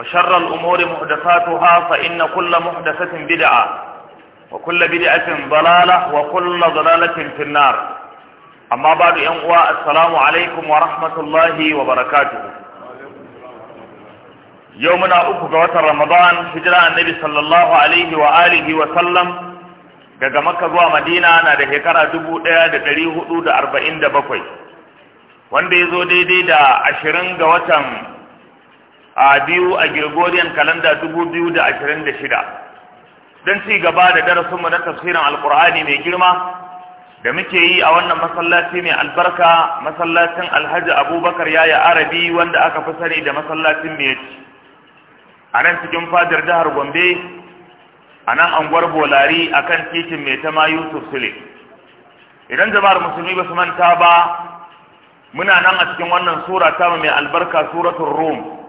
وشر الأمور محدثاتها فإن كل محدثة بدعة وكل بدعة ضلالة وكل ضلالة في النار أما بعد أنقوى السلام عليكم ورحمة الله وبركاته يومنا أكو وتر رمضان هجرة النبي صلى الله عليه وآله وسلم daga Makka zuwa Madina na da shekara 1447 wanda ya zo daidai da 20 ga watan a biyu a Gregorian kalanda 2026 don ci gaba da darasinmu na tafsirin alkur'ani mai girma da muke yi a wannan masallaci mai albarka masallacin alhaji abubakar yaya arabi wanda aka fi sani da masallacin mai a nan cikin fadar jihar gombe a nan anguwar bolari a kan titin mai tama yusuf sule idan jama'ar musulmi ba su manta ba muna nan a cikin wannan sura ta mai albarka suratun rum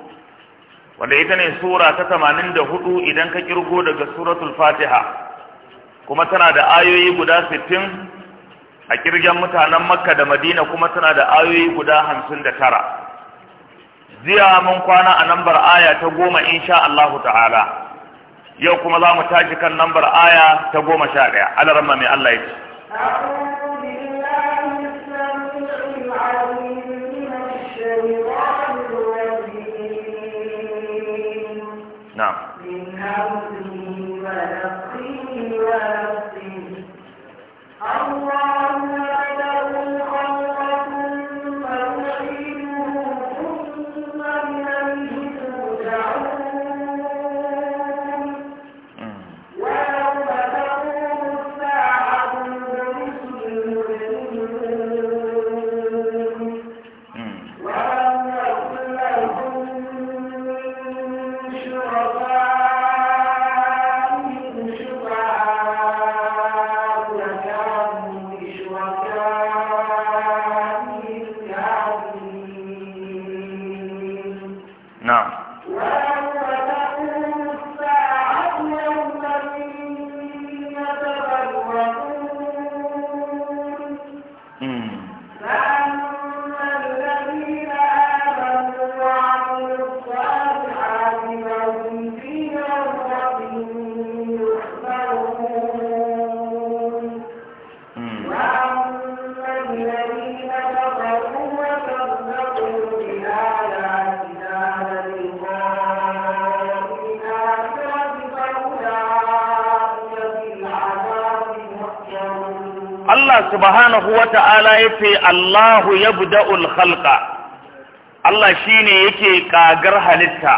wanda ita ne sura ta tamanin da hudu idan ka kirgo daga suratul fatiha kuma tana da ayoyi guda sittin a kirgen mutanen makka da madina kuma tana da ayoyi guda hamsin da tara ziya mun kwana a nambar aya ta goma insha Allahu ta'ala yau kuma za mu tashi kan nambar aya ta goma sha ɗaya alarma mai Allah ya ce نعم subhanahu wa ta'ala ya ce Allahu ya buda'ul khalqa Allah shi ne yake ƙagar halitta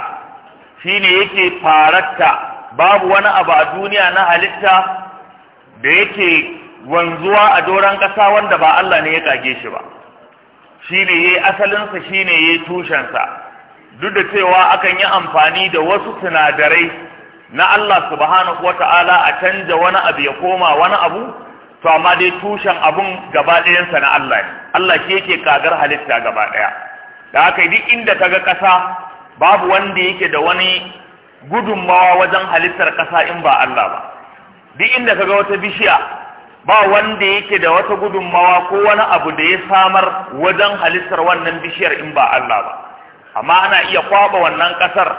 shi ne yake faratta babu wani abu a duniya na halitta da yake wanzuwa a doron ƙasa wanda ba Allah ne ya ƙage shi ba shi ne ya yi asalinsa shi ne ya yi tushensa duk da cewa akan yi amfani da wasu sinadarai na Allah subhanahu ta’ala a canja wani abu ya koma wani abu to amma dai tushen abun gaba ɗayansa na Allah ne Allah shi yake kagar halitta gaba ɗaya da haka duk inda kaga ƙasa babu wanda yake da wani gudunmawa wajen halittar ƙasa in ba Allah ba duk inda kaga wata bishiya ba wanda yake da wata gudunmawa ko wani abu da ya samar wajen halittar wannan bishiyar in ba Allah ba amma ana iya kwaba wannan ƙasar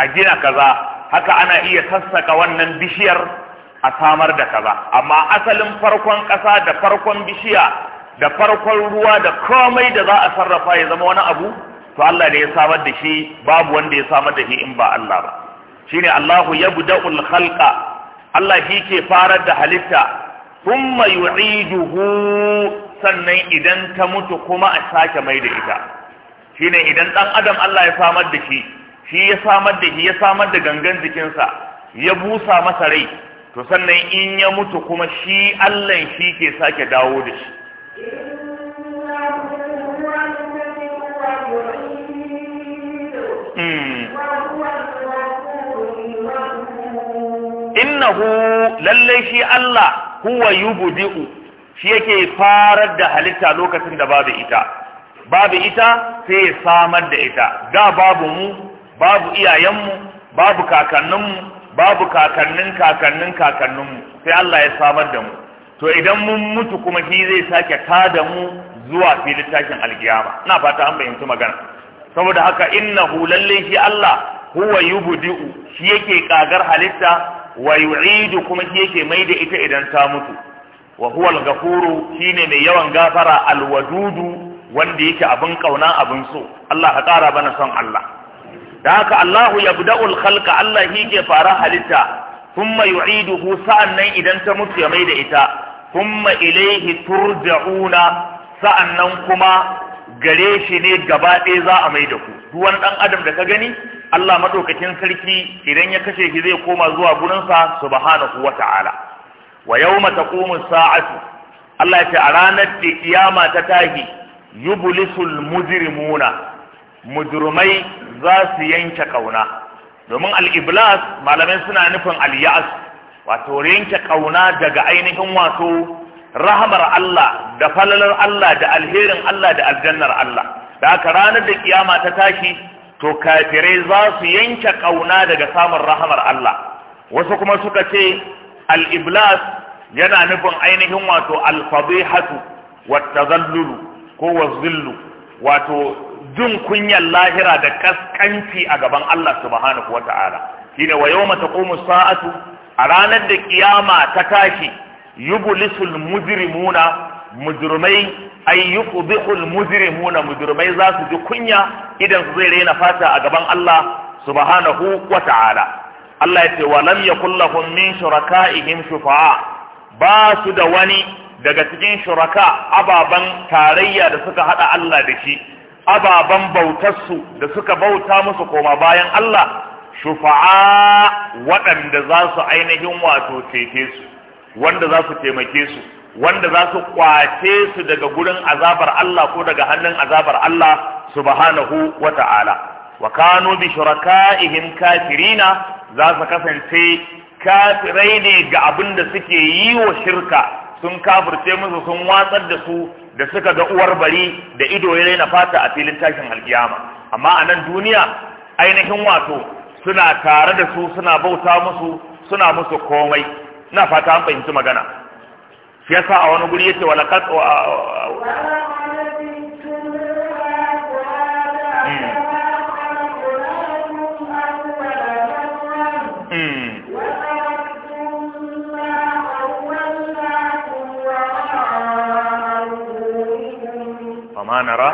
a gina kaza haka ana iya sassaka wannan bishiyar a samar da kaza amma asalin farkon ƙasa da farkon bishiya da farkon ruwa da komai da za a sarrafa ya zama wani abu to Allah ne ya samar da shi babu wanda ya samar da shi in ba Allah ba shine Allahu yabda'ul khalqa Allah shi ke farar da halitta thumma yu'iduhu sannan idan ta mutu kuma a sake mai da ita shine idan dan adam Allah ya samar da shi shi ya samar da shi ya samar da gangan jikinsa ya busa masa rai to sannan in ya mutu kuma shi Allah shi ke sake dawo da shi hmm. innahu lallai shi Allah huwa yubdi'u shi yake farar da halitta lokacin da babu ita babu ita sai ya samar da ita da babu mu babu iyayenmu babu kakanninmu babu kakannin kakannin kakanninmu sai Allah ya samar da mu to idan mun mutu kuma shi zai sake kada mu zuwa filin tashin alkiyama ina fata an fahimci magana saboda haka innahu lalle shi Allah huwa yubdi'u shi yake kagar halitta wa yu'idu kuma shi yake mai da ita idan ta mutu wa huwa al-ghafuru shine mai yawan gafara al-wadudu wanda yake abin kauna abin so Allah ka kara bana son Allah da haka Allahu yabda'ul khalqa Allah shi ke fara halitta ku sa'an sa'annan idan ta mutu ya mai da ita thumma ilaihi turja'una sa'annan kuma gare shi ne gaba ɗaya za a mai da ku duwan ɗan adam da ka gani Allah maɗaukakin sarki idan ya kashe shi zai koma zuwa gurinsa subhanahu wa ta'ala wa yawma taqumu sa'atu Allah ya ce a ranar da ta tahi yublisul mujrimuna mujrimai za su yanke kauna domin al-iblas malamai suna nufin al-ya'as wato yanke kauna daga ainihin wato rahamar Allah da falalar Allah da alherin Allah da aljannar Allah da haka ranar da kiyama ta tashi to kafirai za su yanke kauna daga samun rahamar Allah wasu kuma suka ce al-iblas yana nufin ainihin wato al-fadihatu wat-tazallulu ko wazillu wato jin kunyan lahira da kaskanci a gaban Allah subhanahu wata'ala shine wa yawma taqumu sa'atu a ranar da kiyama ta tashi yublisul mujrimuna mujrimai ay yuqbihul mujrimuna mujrimai za su ji kunya idan su zai rena fata a gaban Allah subhanahu wata'ala Allah ya ce wa lam yakullahum min shuraka'ihim shufa'a ba su da wani daga cikin shuraka ababan tarayya da suka hada Allah da shi ababan bautarsu da suka bauta musu koma bayan Allah shufa'a waɗanda za su ainihin wato cece su wanda za su taimake su wanda za su kwace su daga gurin azabar Allah ko daga hannun azabar Allah subhanahu wa ta'ala wa kanu bi shuraka'ihim kafirina za su kasance kafirai ne ga abin da suke yi wa shirka sun kafirce musu sun watsar da su da suka ga uwar bari da ido ya raina fata a filin tashin alkiyama amma a nan duniya ainihin wato suna tare da su suna bauta musu suna musu komai ina fata an fahimci magana shi yasa a wani guri yace walaqad نرى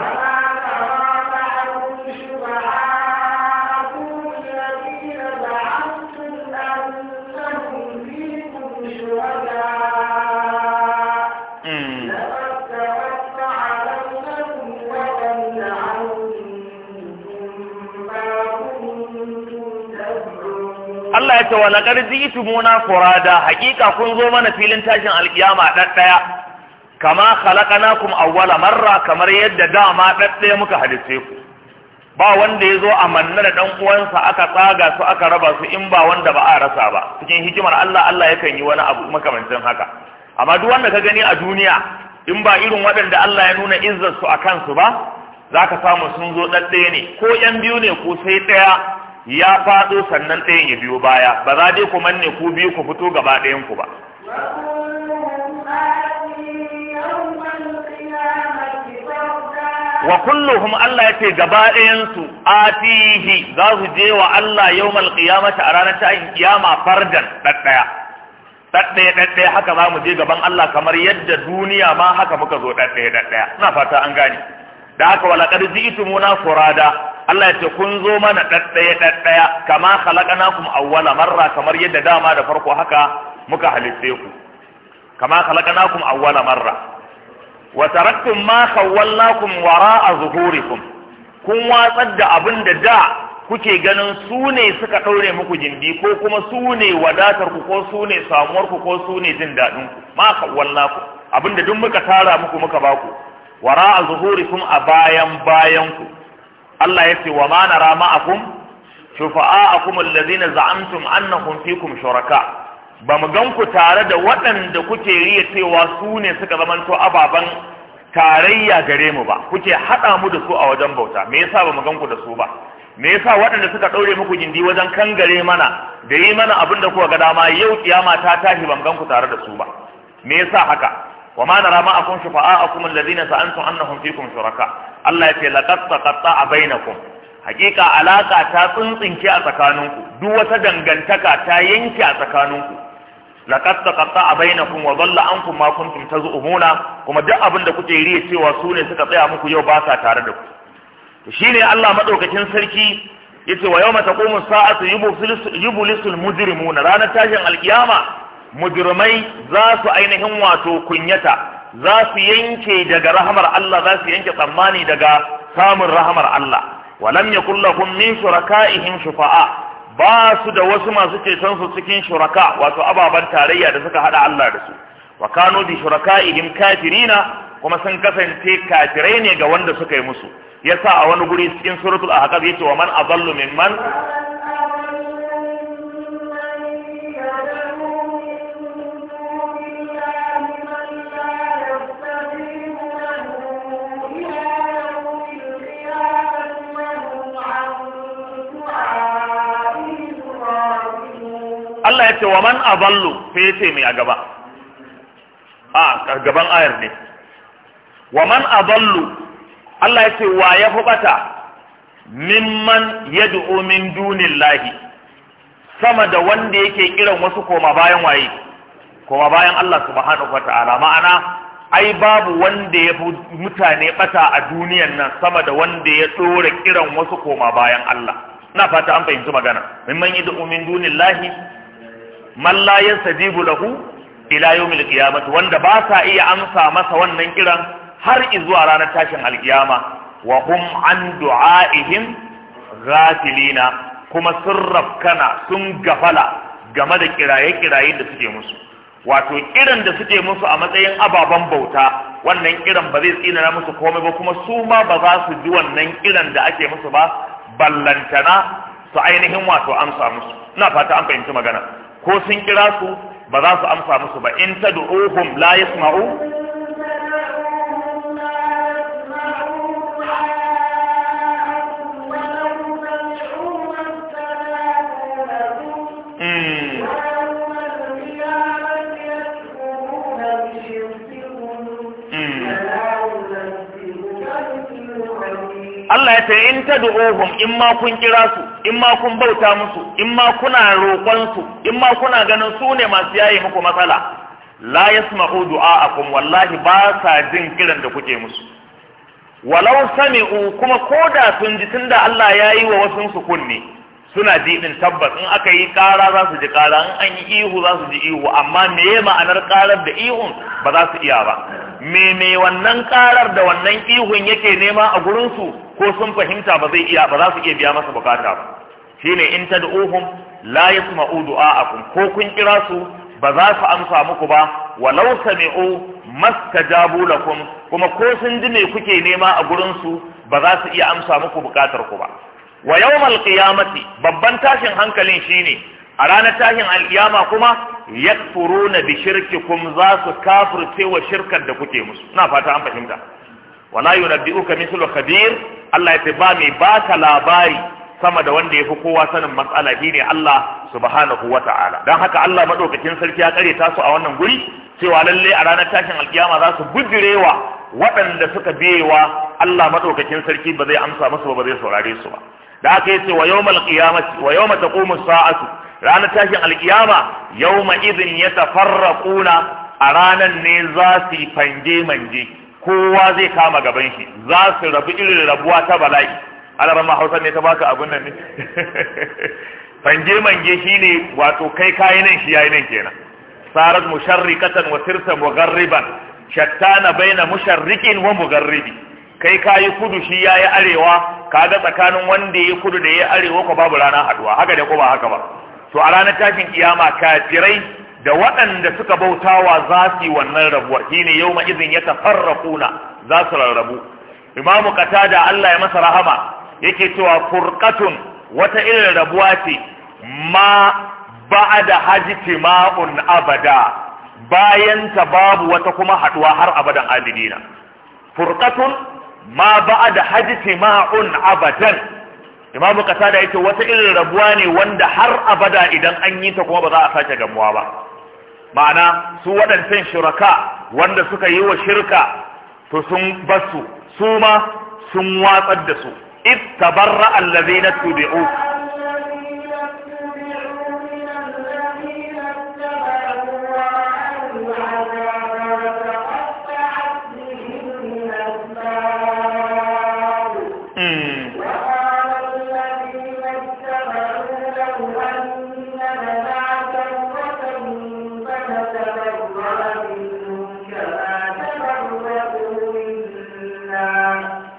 Allah ya ce wa laqad ji'tumuna furada haƙiƙa kun zo mana filin tashin alkiyama dan kama khalaqnakum awwala marra kamar yadda dama daddaye muka hadice ku ba wanda ya zo a manna da dan uwansa aka tsaga su aka raba su in ba wanda ba a rasa ba cikin hikimar Allah Allah yakan yi wani abu makamancin haka amma duk wanda ka gani a duniya in ba irin wadanda Allah ya nuna izzar su akan su ba zaka samu sun zo daddaye ne ko yan biyu ne ko sai daya ya fado sannan ɗayan ya biyo baya ba za dai ku manne ku biyu ku fito gaba ɗayan ku ba wa kulluhum Allah yace gaba ɗayan su atihi za su je wa Allah yau yawmal qiyamati a ranar tashin kiyama fardan daddaya daddaya daddaya haka za mu je gaban Allah kamar yadda duniya ma haka muka zo daddaya daddaya ina fata an gane da haka wala qad ji'tumuna furada Allah ya ce kun zo mana daddaya daddaya kama khalaqnakum awwala marra kamar yadda dama da farko haka muka halitse ku kama khalaqnakum awwala marra wa taraktum ma khawwallakum wara'a zuhurikum kun watsar da abin da da kuke ganin su ne suka ɗaure muku jindi ko kuma su ne wadatar ku ko su ne samuwar ku ko su ne jin daɗin ku ma khawwallakum abin da duk muka tara muku muka baku wara'a zuhurikum a bayan bayan ku Allah ya ce wa ma nara ma'akum akum allazina za'amtum annakum fikum shuraka ba mu gan ku tare da waɗanda kuke riya cewa su ne suka zamanto ababen tarayya gare mu ba kuke haɗa mu da su a wajen bauta me yasa ba mu gan ku da su ba me yasa waɗanda suka ɗaure muku gindi wajen kangare mana da yi mana abin da kuka ga dama yau kiyama ta tashi mu gan ku tare da su ba me yasa haka wa ma nara ma akum shufa'a'akum alladhina sa'antum annahum fikum shuraka Allah ya ce laqad taqatta'a bainakum hakika alaka ta tsuntsinke a tsakaninku duk wata dangantaka ta yanke a tsakaninku laqad taqatta bainakum wa dhalla ankum ma kuntum taz'umuna kuma duk abin da kuke riya cewa su ne suka tsaya muku yau ba sa tare da ku to shine Allah madaukakin sarki yace wa yawma taqumu sa'atu yublisul mujrimuna ranar tashin alkiyama mujrimai za su ainihin wato kunyata za su yanke daga rahamar Allah za su yanke tsammani daga samun rahamar Allah walam yakul lahum min shuraka'ihim shufa'a ba su da wasu masu ceton su cikin shuraka wato ababen tarayya da suka hada Allah da su wa kanu bi shuraka'ihim kafirina kuma sun kasance kafirai ne ga wanda suka yi musu yasa a wani guri cikin suratul ahqaf yace wa man adallu mimman Allah ya ce wa man aballu sai ya ce mai a gaba a gaban ayar ne wa man aballu Allah ya ce wa ya fi bata mimman yad'u min dunillahi sama da wanda yake kiran wasu koma bayan waye koma bayan Allah subhanahu ta'ala ma'ana ai babu wanda ya fi mutane bata a duniyan nan sama da wanda ya tsora kiran wasu koma bayan Allah na fata an fahimci magana mimman yad'u min dunillahi man la yastajibu lahu ila yawmil qiyamah wanda ba sa iya amsa masa wannan kiran har zuwa ranar tashin alkiyama wa hum an du'aihim ghafilina kuma sun rafkana sun gafala game da kiraye-kiraye da suke musu wato kiran da suke musu a matsayin ababen bauta wannan kiran ba zai tsinana musu komai ba kuma su ma ba za su ji wannan kiran da ake musu ba ballantana su ainihin wato amsa musu ina fata an fahimci magana ko sun kira su ba za su amsa musu ba in tad'uhum la yasma'u Allah ya ce in tad'uhum in ma kun kira su in ma kun bauta musu in ma kuna roƙon su in ma kuna ganin su ne masu yayi muku matsala la yasma'u du'a'akum wallahi ba sa jin kiran da kuke musu walau sami'u kuma koda sun ji tunda Allah ya yi wa wasu su kunne suna ji din tabbas in aka yi ƙara za su ji ƙara in an yi ihu za su ji ihu amma me ma'anar ƙarar da ihun ba za su iya ba me me wannan ƙarar da wannan ihun yake nema a gurinsu ko sun fahimta ba zai iya ba za su iya biya masa bukata ba shine in tad'uhum la yasma'u du'a'akum ko kun kira su ba za su amsa muku ba walau sami'u mastajabu lakum kuma ko sun ji me kuke nema a gurinsu ba za su iya amsa muku bukatar ku ba wa yawmal qiyamati babban tashin hankalin shine a ranar tashin alkiyama kuma yakfuruna bi shirkikum za su kafirce wa shirkar da kuke musu ina fata an fahimta la yunabbi'uka mithlu khabir Allah ya ba mai baka labari sama da wanda ya fi kowa sanin matsala shine Allah subhanahu wa ta'ala don haka Allah madaukakin sarki ya kare tasu a wannan guri cewa lalle a ranar tashin alkiyama za su bujirewa waɗanda suka biyewa Allah madaukakin sarki ba zai amsa musu ba ba zai saurare su ba da aka yi ce wa yawmal qiyamati wa yawma taqumu sa'atu ranar tashin alkiyama ya tafarra ƙuna a ranar ne za su fange manje kowa zai kama gaban shi za su rabu irin rabuwa ta bala'i alamar ma hausa ne ta baka abun nan ne fange manje shi ne wato kai kayi nan shi yayi nan kenan sarat musharrikatan wa sirtan wa na na baina musharrikin wa mugarribi kai ka yi kudu shi ya yi arewa ka ga tsakanin wanda ya kudu da ya arewa ko babu rana haduwa haka da ko ba haka ba to a ranar tashin kiyama kafirai da waɗanda suka bautawa za su wannan rabuwar shine yau ma izin ya tafarraquna za su rarrabu imamu qatada Allah ya masa rahama yake cewa furkatun wata irin rabuwa ce ma ba'da hajtima'un abada bayan ta babu wata kuma haduwa har abadan adilina furkatun. ma ba'a da hajji ma'un abadan imamu kasa da yake wata irin rabuwa ne wanda har abada idan an yi ta kuma ba za a sake gamuwa ba ma'ana su waɗancan shuraka wanda suka yi wa shirka to sun basu su ma sun watsar da su ittabarra allazina tubi'u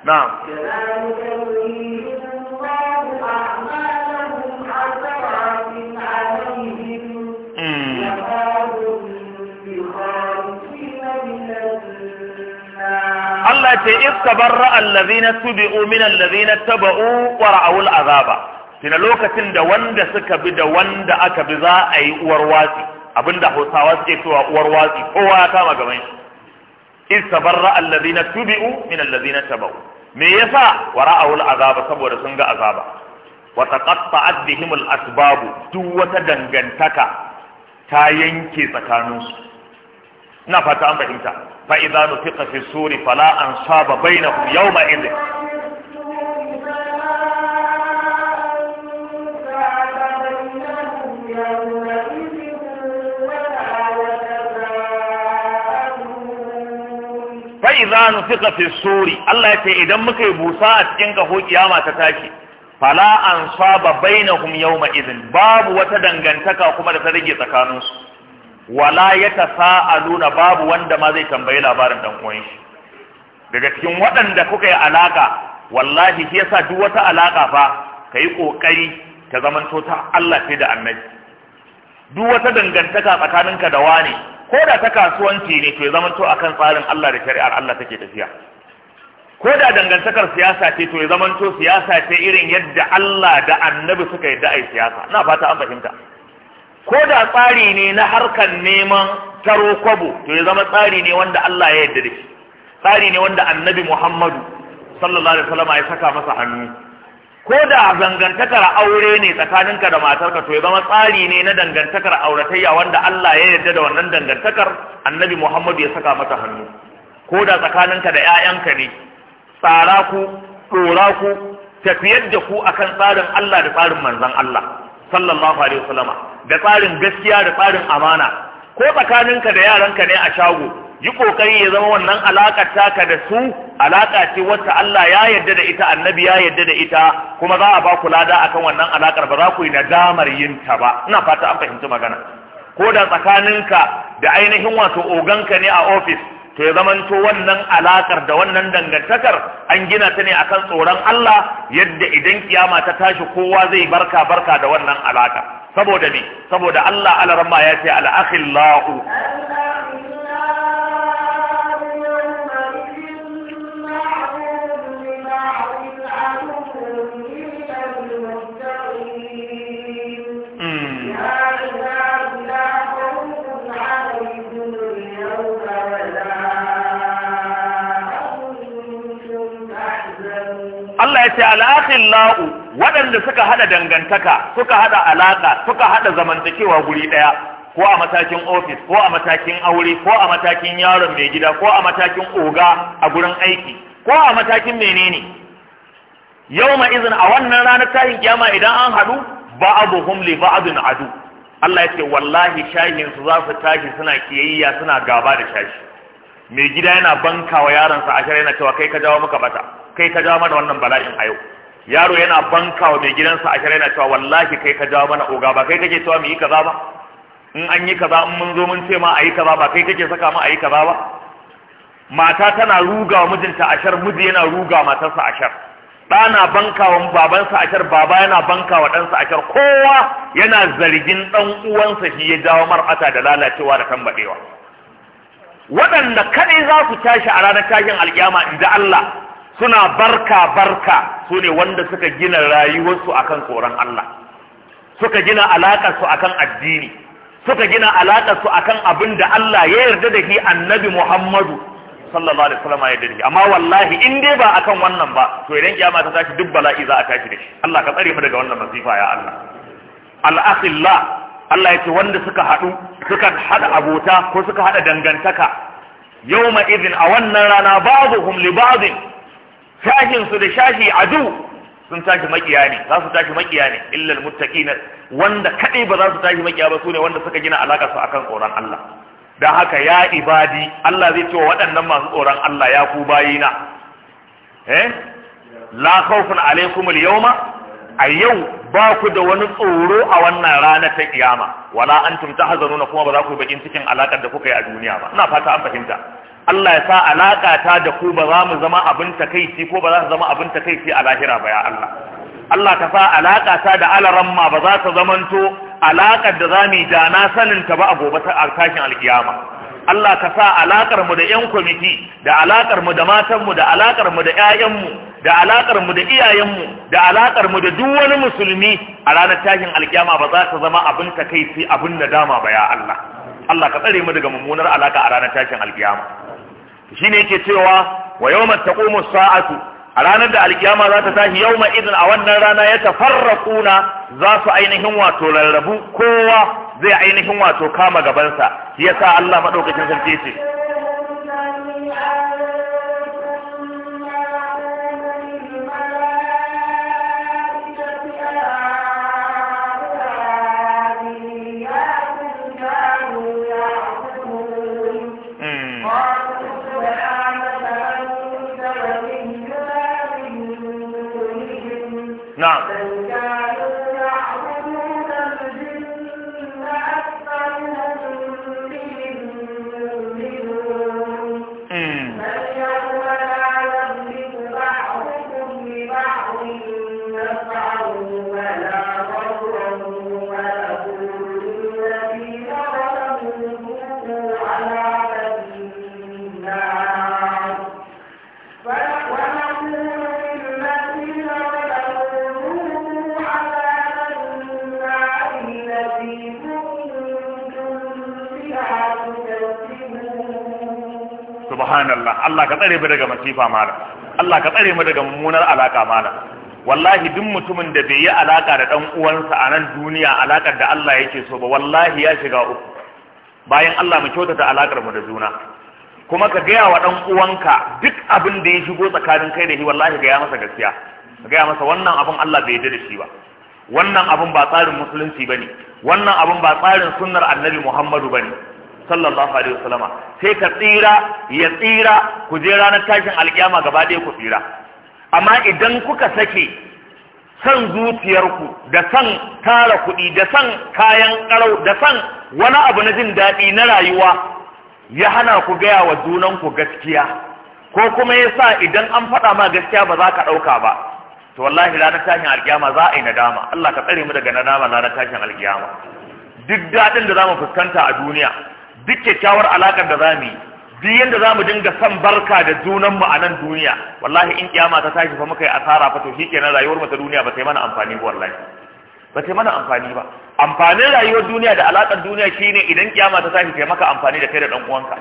na'am Allah ce istabarra allazina tubi'u min allazina taba'u wa ra'awul azaba tuna lokacin da wanda suka bi da wanda aka bi za yi uwar watsi abinda Hausawa suke cewa uwar watsi kowa ya kama gaban shi min me yasa wara'awul azaba saboda sun ga azaba wa taqatta'at bihim al-asbab duk wata dangantaka ta yanke tsakanin su ina fata an fahimta fa idza nutiqa fi suri fala ansaba bainahum yawma Thank you. fai za nu fika fi suri Allah ya ce idan muka yi busa a cikin kaho kiyama ta tashi fala an saba bainahum yawma izin, babu wata dangantaka kuma da ta rage tsakaninsu wala nuna babu wanda ma zai tambayi labarin dan shi daga cikin waɗanda kuka yi alaƙa wallahi shi sa duk wata alaƙa fa yi ƙoƙari ta zamanto ta Allah sai da annabi duk wata dangantaka tsakaninka da ne. ko da ta kasuwanci ne to ya to akan tsarin Allah da shari'ar Allah take tafiya ko da dangantakar siyasa ce to ya to siyasa ce irin yadda Allah da annabi suka yadda ai siyasa ina fata an fahimta ko da tsari ne na harkar neman taro kwabo to ya zama tsari ne wanda Allah ya yarda da shi tsari ne wanda annabi Muhammadu sallallahu alaihi wasallam ya saka masa hannu ko da dangantakar aure ne tsakaninka da matarka to ya zama tsari ne na dangantakar auratayya wanda Allah ya yarda da wannan dangantakar annabi Muhammadu ya saka mata hannu ko da tsakaninka da 'ya'yanka ne tsara ku ɗora ku tafiyar da ku akan tsarin Allah da tsarin manzon Allah sallallahu alaihi wasallama da tsarin gaskiya da tsarin amana ko tsakaninka da yaranka ne a shago yi kokari ya zama wannan alakar taka da su alaka ce wacce Allah ya yarda da ita annabi ya yarda da ita kuma za a ba ku lada akan wannan alaƙar. ba za ku yi nadamar yin ta ba ina fata an fahimci magana ko da tsakaninka da ainihin wato oganka ne a ofis to ya zamanto wannan alaƙar da wannan dangantakar an gina ta ne akan tsoron Allah yadda idan kiyama ta tashi kowa zai barka barka da wannan alaƙa. saboda me saboda Allah alarma ya ce al-akhillahu ce alaƙin La'u, waɗanda suka haɗa dangantaka suka haɗa alaƙa, suka hada zamantakewa guri ɗaya, ko a matakin ofis, ko a matakin aure ko a matakin yaron mai gida ko a matakin oga a gurin aiki ko a matakin menene Yau ma izin a wannan ranar tahin kyama idan an haɗu hadu ba'aduhum ba ba'din adu Allah ya ce wallahi shahinsu su za su tashi suna kiyayya suna gaba da shashi mai gida yana bankawa yaransa a shari'a yana cewa kai ka jawo muka bata kai ka jawo mana wannan bala'in a yau yaro yana banka wa mai gidansa a shirya yana cewa wallahi kai ka jawo mana oga ba kai kake cewa mu yi kaza ba in an yi kaza in mun zo mun ce ma a yi kaza ba kai kake saka mu a yi kaza ba mata tana ruga wa mijinta shar miji yana ruga matarsa shar ɗa na banka wa babansa shar baba yana banka wa ɗansa shar kowa yana zargin ɗan uwansa shi ya jawo mar'ata da lalacewa da tambaɗewa waɗanda kaɗai za su tashi a ranar tashin alƙiyama inda Allah suna barka barka su ne wanda suka gina rayuwarsu akan tsoron Allah suka gina alaƙarsu akan addini suka gina alaƙarsu akan abin da Allah ya yarda da shi annabi Muhammadu sallallahu alaihi wasallam ya yarda da shi amma wallahi in dai ba akan wannan ba to idan kiyama ta tashi duk bala'i za a tashi da shi Allah ka tsare mu daga wannan masifa ya Allah al-akhilla Allah yace wanda suka haɗu suka haɗa abota ko suka haɗa dangantaka yawma idin a wannan rana ba'dhum li ba'dhin shashin su da shashi adu sun tashi makiya ne za su tashi makiya ne illal muttaqina wanda kadai ba za su tashi makiya ba sune wanda suka gina alaka su akan tsoron Allah dan haka ya ibadi Allah zai ce wa waɗannan masu tsoron Allah ya ku bayina eh la khawfun alaikum al-yawma a yau ba ku da wani tsoro a wannan rana ta kiyama wala antum tahzanuna kuma ba za ku bakin cikin alakar da kuka yi a duniya ba ina fata an fahimta Allah ya sa alaƙa ta da ku ba za mu zama abin takaici ko ba za su zama abin takaici a lahira ba ya Allah Allah ka sa alaƙa ta da alaramma ba za ta zamanto alaƙar da za mu da na sanin ta ba a gobe ta tashin alkiyama Allah ka sa alaƙar mu da ƴan kwamiti da alaƙar mu da matan mu da alaƙar mu da ƴaƴan mu da alaƙar mu da iyayen mu da alaƙar mu da duk wani musulmi a ranar tashin alkiyama ba za ta zama abin takaici abin nadama ba ya Allah Allah ka tsare mu daga mummunar alaka a ranar tashin alkiyama ne yake cewa wa yawma taqumu sa'atu a ranar da alkiyama za ta tashi yawma idan a wannan rana ya tafarraquna za su ainihin wato rarrabu kowa zai ainihin wato kama gabansa shi yasa Allah madaukakin sarki ce na'am subhanallah Allah ka tsare mu daga masifa mala Allah ka tsare mu daga mummunar alaka mala wallahi duk mutumin da bai yi alaka da dan uwansa a nan duniya alakar da Allah yake so ba wallahi ya shiga uku bayan Allah mu kyautata alakar mu da juna kuma ka gaya wa dan uwanka duk abin da ya shigo tsakanin kai da shi wallahi ga ya masa gaskiya ka gaya masa wannan abin Allah bai yarda da shi ba wannan abin ba tsarin musulunci bane wannan abin ba tsarin sunnar annabi Muhammadu bane sallallahu alaihi wasallama sai ka tsira ya tsira ku je ranar tashin alkiyama gaba ɗaya ku tsira amma idan kuka sake san zuciyarku da san tara kuɗi da san kayan ƙarau da san wani abu na jin daɗi na rayuwa ya hana ku gaya wa junanku gaskiya ko kuma ya sa idan an faɗa ma gaskiya ba za ka ɗauka ba to wallahi ranar tashin alkiyama za a yi nadama Allah ka tsare mu daga nadama ranar tashin alkiyama duk daɗin da za mu fuskanta a duniya duk kyakkyawar alakar da zamu yi duk yanda zamu dinga san barka da junan mu a nan duniya wallahi in kiyama ta tashi fa muka yi asara fa to shikenan rayuwar mu ta duniya ba ta yi mana amfani ba wallahi ba ta yi mana amfani ba amfanin rayuwar duniya da alakar duniya shine idan kiyama ta tashi ta maka amfani da kai da dan uwanka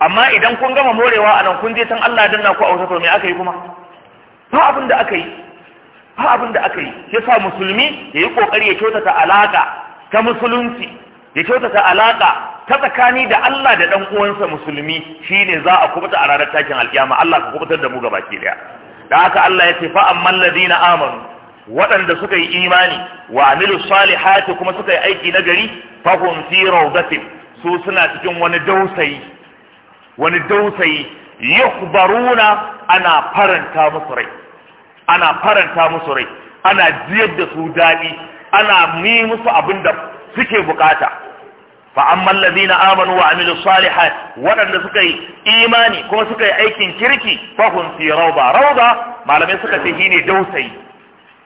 amma idan kun gama morewa a nan kun je san Allah danna ku a wata to me aka yi kuma ba abin da aka yi ba abin da aka yi yasa musulmi ya yi kokari ya kyautata alaka ta musulunci ya kyautata alaka ta tsakani da Allah da ɗan uwansa musulmi shine za a kubuta a ranar takin alkiyama Allah ka kubutar da mu gabaki daya da haka Allah ya ce fa amman ladina amanu waɗanda suka yi imani wa amilu salihati kuma suka yi aiki na gari fa hum fi rawdatin su suna cikin wani dausayi wani dausayi yukhbaruna ana faranta musu rai ana faranta musu rai ana jiyar da su daɗi ana mi musu abin da suke bukata fa amma allazina amanu wa amilu salihat waɗanda suka yi imani kuma suka yi aikin kirki fa hum fi rawda rawda malamai suka ce shine dausayi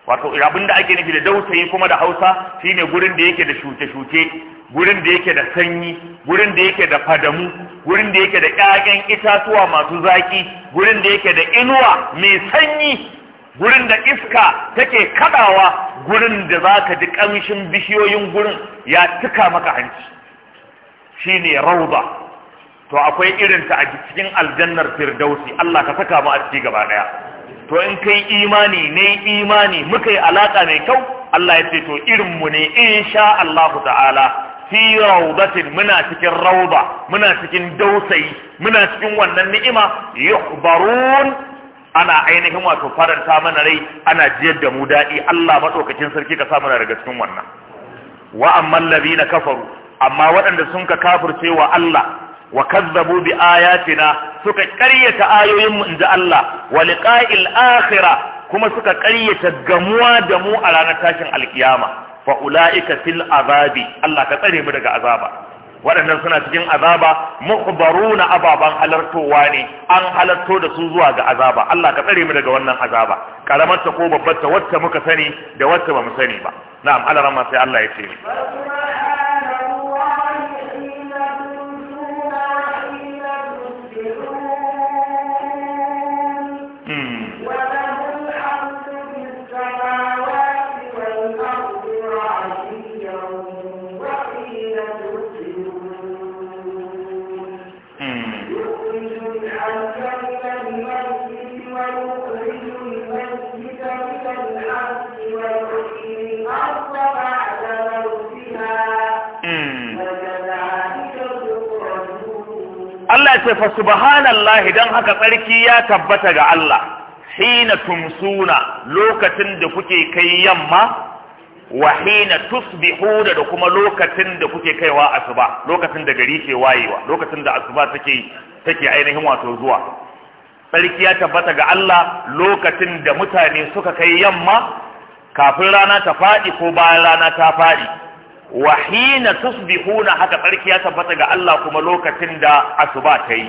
wato abin ake nufi da dausayi kuma da Hausa shine gurin da yake da shuke-shuke gurin da yake da sanyi gurin da yake da fadamu gurin da yake da ƴaƴan itatuwa masu zaki gurin da yake da inuwa mai sanyi gurin da iska take kadawa gurin da zaka ji kamshin bishiyoyin gurin ya tuka maka hanci shine rauda to akwai irin ta a cikin aljannar firdausi Allah ka saka mu a ciki gaba daya to in kai imani ne imani muka yi alaka mai kyau Allah ya ce to irin mu ne insha Allah ta'ala fi raudatin muna cikin rauda muna cikin dausayi muna cikin wannan ni'ima yuhbarun ana ainihin wato faranta mana rai ana jiyar da mu daɗi Allah maɗaukacin sarki ka sa mana daga cikin wannan wa amman ladina kafaru amma waɗanda sun ka kafirce wa Allah wa kazzabu bi ayatina suka ƙaryata ayoyinmu ji Allah wa liqa'il akhirah kuma suka ƙaryata gamuwa da mu a ranar tashin alkiyama fa ulaika fil azabi Allah ka tsare mu daga azaba waɗannan suna cikin azaba na ababan halartowa ne an halarto da su zuwa ga azaba Allah ka tsare mu daga wannan azaba karamar ta ko babbar ta wacce muka sani da wacce ba mu sani ba na'am Allah sai Allah ya ce Hmm. ce fa subhanallahi dan haka tsarki ya tabbata ga Allah hina tumsuna lokacin da kuke kai yamma wa hina tusbihu da kuma lokacin da kuke kaiwa asuba lokacin da gari ke wayewa lokacin da asuba take take ainihin wato zuwa tsarki ya tabbata ga Allah lokacin da mutane suka kai yamma kafin rana ta faɗi ko bayan rana ta faɗi Wahina hina tusbihuna haka tsarki ya tabbata ga Allah kuma lokacin da asuba ta yi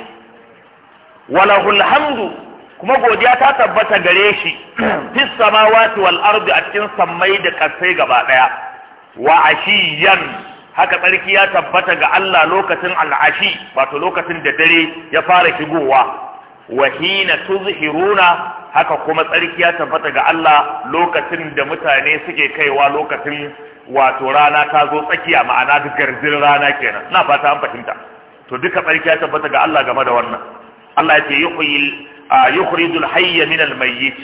walahul hamdu kuma godiya ta tabbata gare shi fis samawati wal ardi a cikin sammai da kasai gaba daya wa ashiyan haka tsarki ya tabbata ga Allah lokacin al'ashi wato lokacin da dare ya fara shigowa Wahina hina tuzhiruna haka kuma tsarki ya tabbata ga Allah lokacin da mutane suke kaiwa lokacin wato rana ta zo tsakiya ma'ana duk garzin rana kenan na fata an fahimta to duka tsarki ya tabbata ga Allah game da wannan Allah ya ce yukhrijul hayya min al mayyit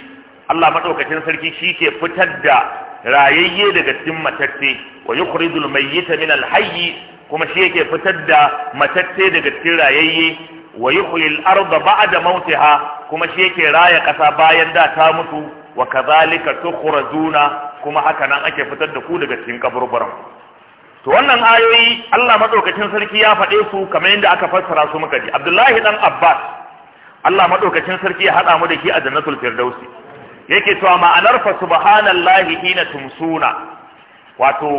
Allah madaukakin sarki shike fitar da rayayye daga cikin matacce wa yukhrijul mayyita min al hayy kuma shi yake fitar da matacce daga cikin rayayye wa yuhyil arda ba'da mautiha kuma shi yake raya kasa bayan da ta mutu wa kadhalika tukhrajuna kuma haka nan ake fitar da ku daga cikin kaburburan to wannan ayoyi Allah madaukakin sarki ya faɗe su kamar yadda aka fassara su muka ji Abdullahi dan Abbas Allah madaukakin sarki ya hada mu da shi a jannatul firdausi yake cewa ma'anar fa subhanallahi hina tumsuna wato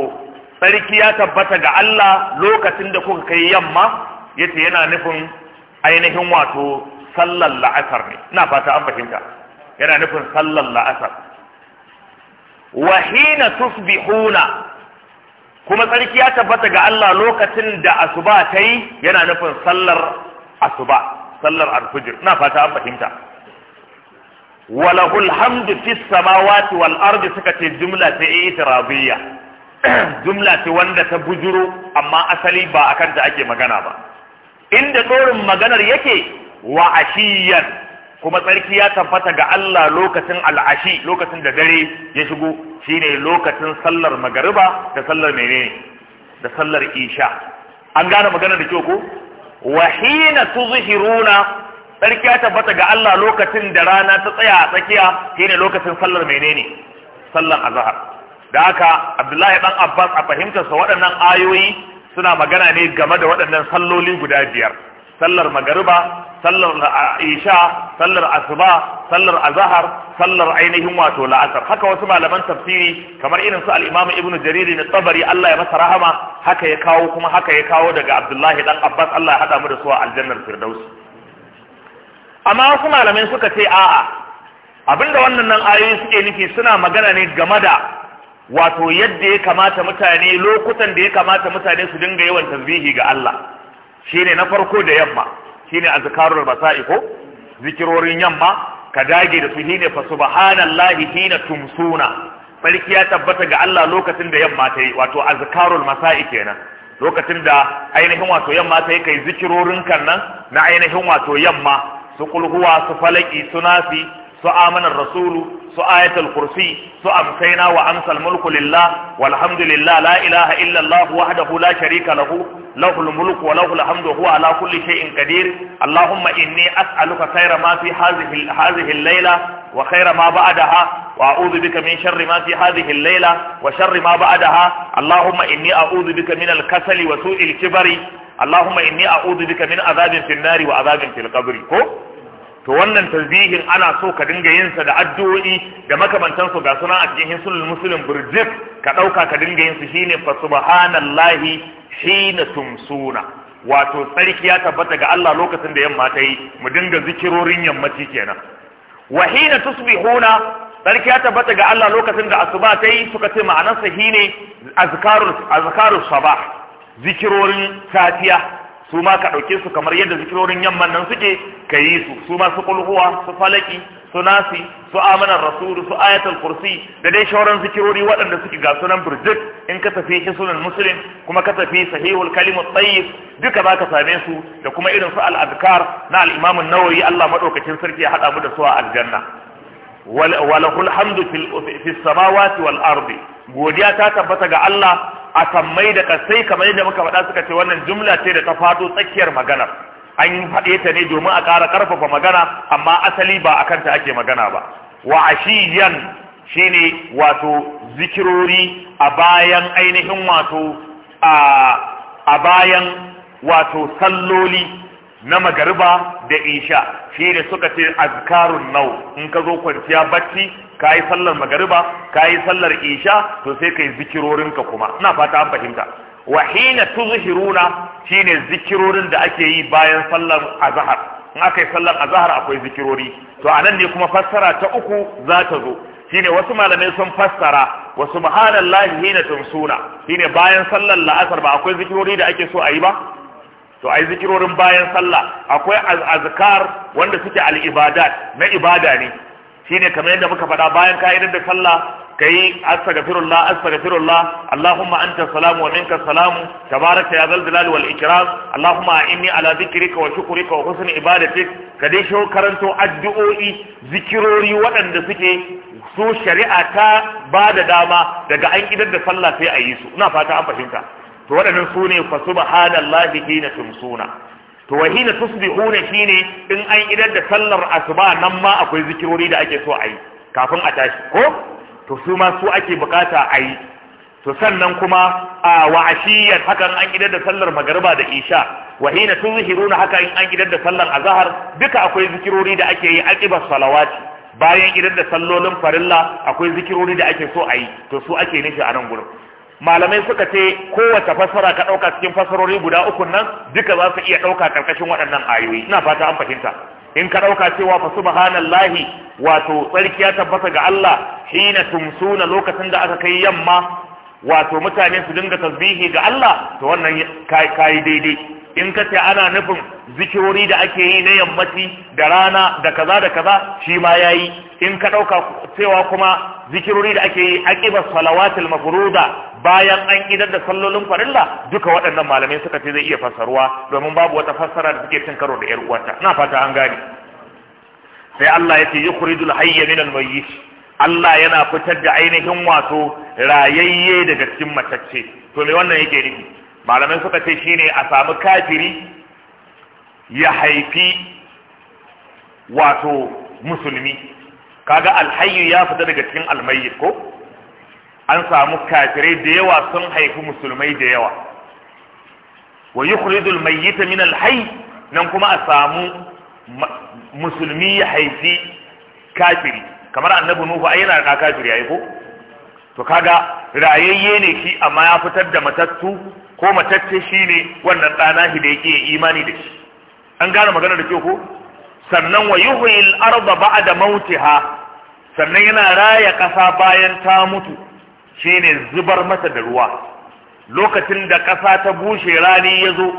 sarki ya tabbata ga Allah lokacin da kuka kai yamma yace yana nufin ainihin wato sallar la'asar ne ina fata an fahimta yana nufin sallar la'asar Wahina hina tusbihuna kuma tsarki ya tabbata ga Allah lokacin da asuba ta yi yana nufin sallar asuba sallar alfijir ina fata an fahimta walahul hamdu fis samawati wal ardi suka ce jumla ta itiradiyya jumla ce wanda ta bujuro amma asali ba akan ta ake magana ba inda tsorin maganar yake wa ashiyan kuma tsarki ya tabbata ga Allah lokacin al'ashi lokacin da dare ya shigo shine lokacin sallar magariba da sallar menene da sallar isha an gane magana da kyau ko wa hina tuzhiruna tsarki ya tabbata ga Allah lokacin da rana ta tsaya a tsakiya shine lokacin sallar menene sallar azhar da haka Abdullahi dan Abbas a fahimtar sa waɗannan ayoyi suna magana ne game da waɗannan salloli guda biyar sallar magariba sallar isha sallar asuba sallar azahar, sallar ainihin wato la'asar haka wasu malaman tafsiri kamar irin su al-imam ibnu jariri na tabari Allah ya masa rahama haka ya kawo kuma haka ya kawo daga abdullahi dan abbas Allah ya hada mu da su a aljannar firdausi amma wasu malamai suka ce a'a abinda wannan nan ayoyi suke nufi suna magana ne game da wato yadda ya kamata mutane lokutan da ya kamata mutane su dinga yawan tasbihi ga Allah shine na farko da yamma shine azkarul masa'i ko zikirorin yamma ka dage da su shine fa subhanallahi hina tumsuna sarki ya tabbata ga Allah lokacin da yamma ta wato azkarul masa'i kenan lokacin da ainihin wato yamma ta kai zikirorin kan nan na ainihin wato yamma su kulhuwa su falaki su nasi su amanar rasulu su ayatul kursi su amsaina wa amsal mulku lillah walhamdulillah la ilaha illa allah wahdahu la sharika lahu lahul mulku wa lahul hamdu huwa ala kulli shay'in qadir allahumma inni as'aluka khayra ma fi hadhihi hadhihi al-layla وخير ما بعدها وأعوذ بك من شر ما في هذه الليلة وشر ما بعدها اللهم إني أعوذ بك من الكسل وسوء الكبر اللهم إني أعوذ بك من عذاب في النار وعذاب في القبر to wannan tasbihin ana so ka dinga yin sa da addu'o'i da makamantan su ga sunan a cikin muslim burjik ka dauka ka dinga yin su shine fa subhanallahi hina tumsuna wato tsarki ya tabbata ga Allah lokacin da yamma ta yi mu dinga zikirorin yammaci kenan wa hina tusbihuna tsarki ya tabbata ga Allah lokacin da asuba ta yi suka ce ma'anarsa shine azkarus azkarus sabah zikirorin safiya su ma ka ɗauke su kamar yadda zikirorin yamman nan suke ka yi su su ma su kulhuwa su falaki su nasi su amanar rasulu su ayatul kursi da dai shauran zikirori waɗanda suke ga sunan birjik in ka tafi sunan muslim kuma ka tafi sahihul kalimut tayyib duka za ka same su da kuma irin su al-adkar na al-imam an-nawawi Allah madaukakin sarki ya hada mu da su a aljanna walahul hamdu fis samawati wal ardi godiya ta tabbata ga Allah a sammai da kasai kamar yadda muka faɗa suka ce wannan jumla ce da ta fado tsakiyar magana an faɗe ta ne domin a ƙara ƙarfafa magana amma asali ba a kanta ake magana ba wa ashiyan shine wato zikirori a bayan ainihin wato a bayan wato salloli na magariba da isha shi ne suka ce azkarun nau in ka zo kwanciya bacci ka yi sallar magariba ka yi sallar isha to sai ka yi zikirorinka kuma ina fata an fahimta wa hina tuzhiruna shine zikirorin da ake yi bayan sallar azhar in aka yi sallar azhar akwai zikirori to anan ne kuma fassara ta uku za ta zo shine wasu malamai sun fassara wa subhanallahi hina tumsuna shine bayan sallar la'asar ba akwai zikirori da ake so a yi ba to ai zikirorin bayan sallah akwai azkar wanda suke al-ibadat na ibada ne shine kamar yadda muka faɗa bayan ka idan da sallah kai astaghfirullah astaghfirullah allahumma anta salamu wa minka salamu tabaraka ya zal jalali wal ikram allahumma inni ala zikrika wa shukrika wa husni ibadatik ka dai shi karanto addu'o'i zikirori waɗanda suke su shari'a ta ba da dama daga an idan da sallah sai a yi su ina fata an fahimta to waɗannan su ne fa subhanallahi hina tumsuna to wa hina tusbihuna shine in an idar da sallar asuba nan ma akwai zikirori da ake so a yi kafin a tashi ko to su ma su ake bukata a yi to sannan kuma a wa'ashiyar hakan an idar da sallar magariba da isha wa hina tuzhiruna in an idar da sallar azhar duka akwai zikirori da ake yi aqiba salawati bayan idan da sallolin farilla akwai zikirori da ake so a yi to su ake nufi a nan gurin malamai suka ce kowace fassara ka ɗauka cikin fassarori guda uku nan duka za su iya ɗauka ƙarƙashin waɗannan ayoyi ina fata an fahimta in ka ɗauka cewa fa subhanallahi wato tsarkiya tabbata ga Allah hina tumsuna lokacin da aka kai yamma wato mutane su dinga tasbihi ga Allah to wannan kai daidai in ka ce ana nufin zikirori da ake yi na yammaci da rana da kaza da kaza shi ma yayi in ka ɗauka cewa kuma zikirori da ake yi aqiba salawatul mafruda bayan an idar da sallolin farilla duka waɗannan malamai suka ce zai iya fassaruwa domin babu wata fassara da suke cin karo da yar uwarta na fata an gane sai Allah ya ce yukhrijul hayya minal mayyit Allah yana fitar da ainihin wato rayayye daga cikin matacce to me wannan yake nufi malamai suka ce shine a samu kafiri ya haifi wato musulmi kaga alhayyu ya fita daga cikin almayyit ko an samu kafirai da yawa sun haifi musulmai da yawa wa yukhrijul mayyita min alhayi? nan kuma a samu musulmi ya haifi kafiri kamar annabi nuhu a yana da kafiri yi ko to kaga rayayye ne shi amma ya fitar da matattu ko matacce shine wannan ɗana shi da yake imani da shi an gane magana da ke ko sannan wa yuhyi da ba'da mautiha sannan yana raya ƙasa bayan ta mutu shine zubar mata da ruwa lokacin da ƙasa ta bushe rani ya zo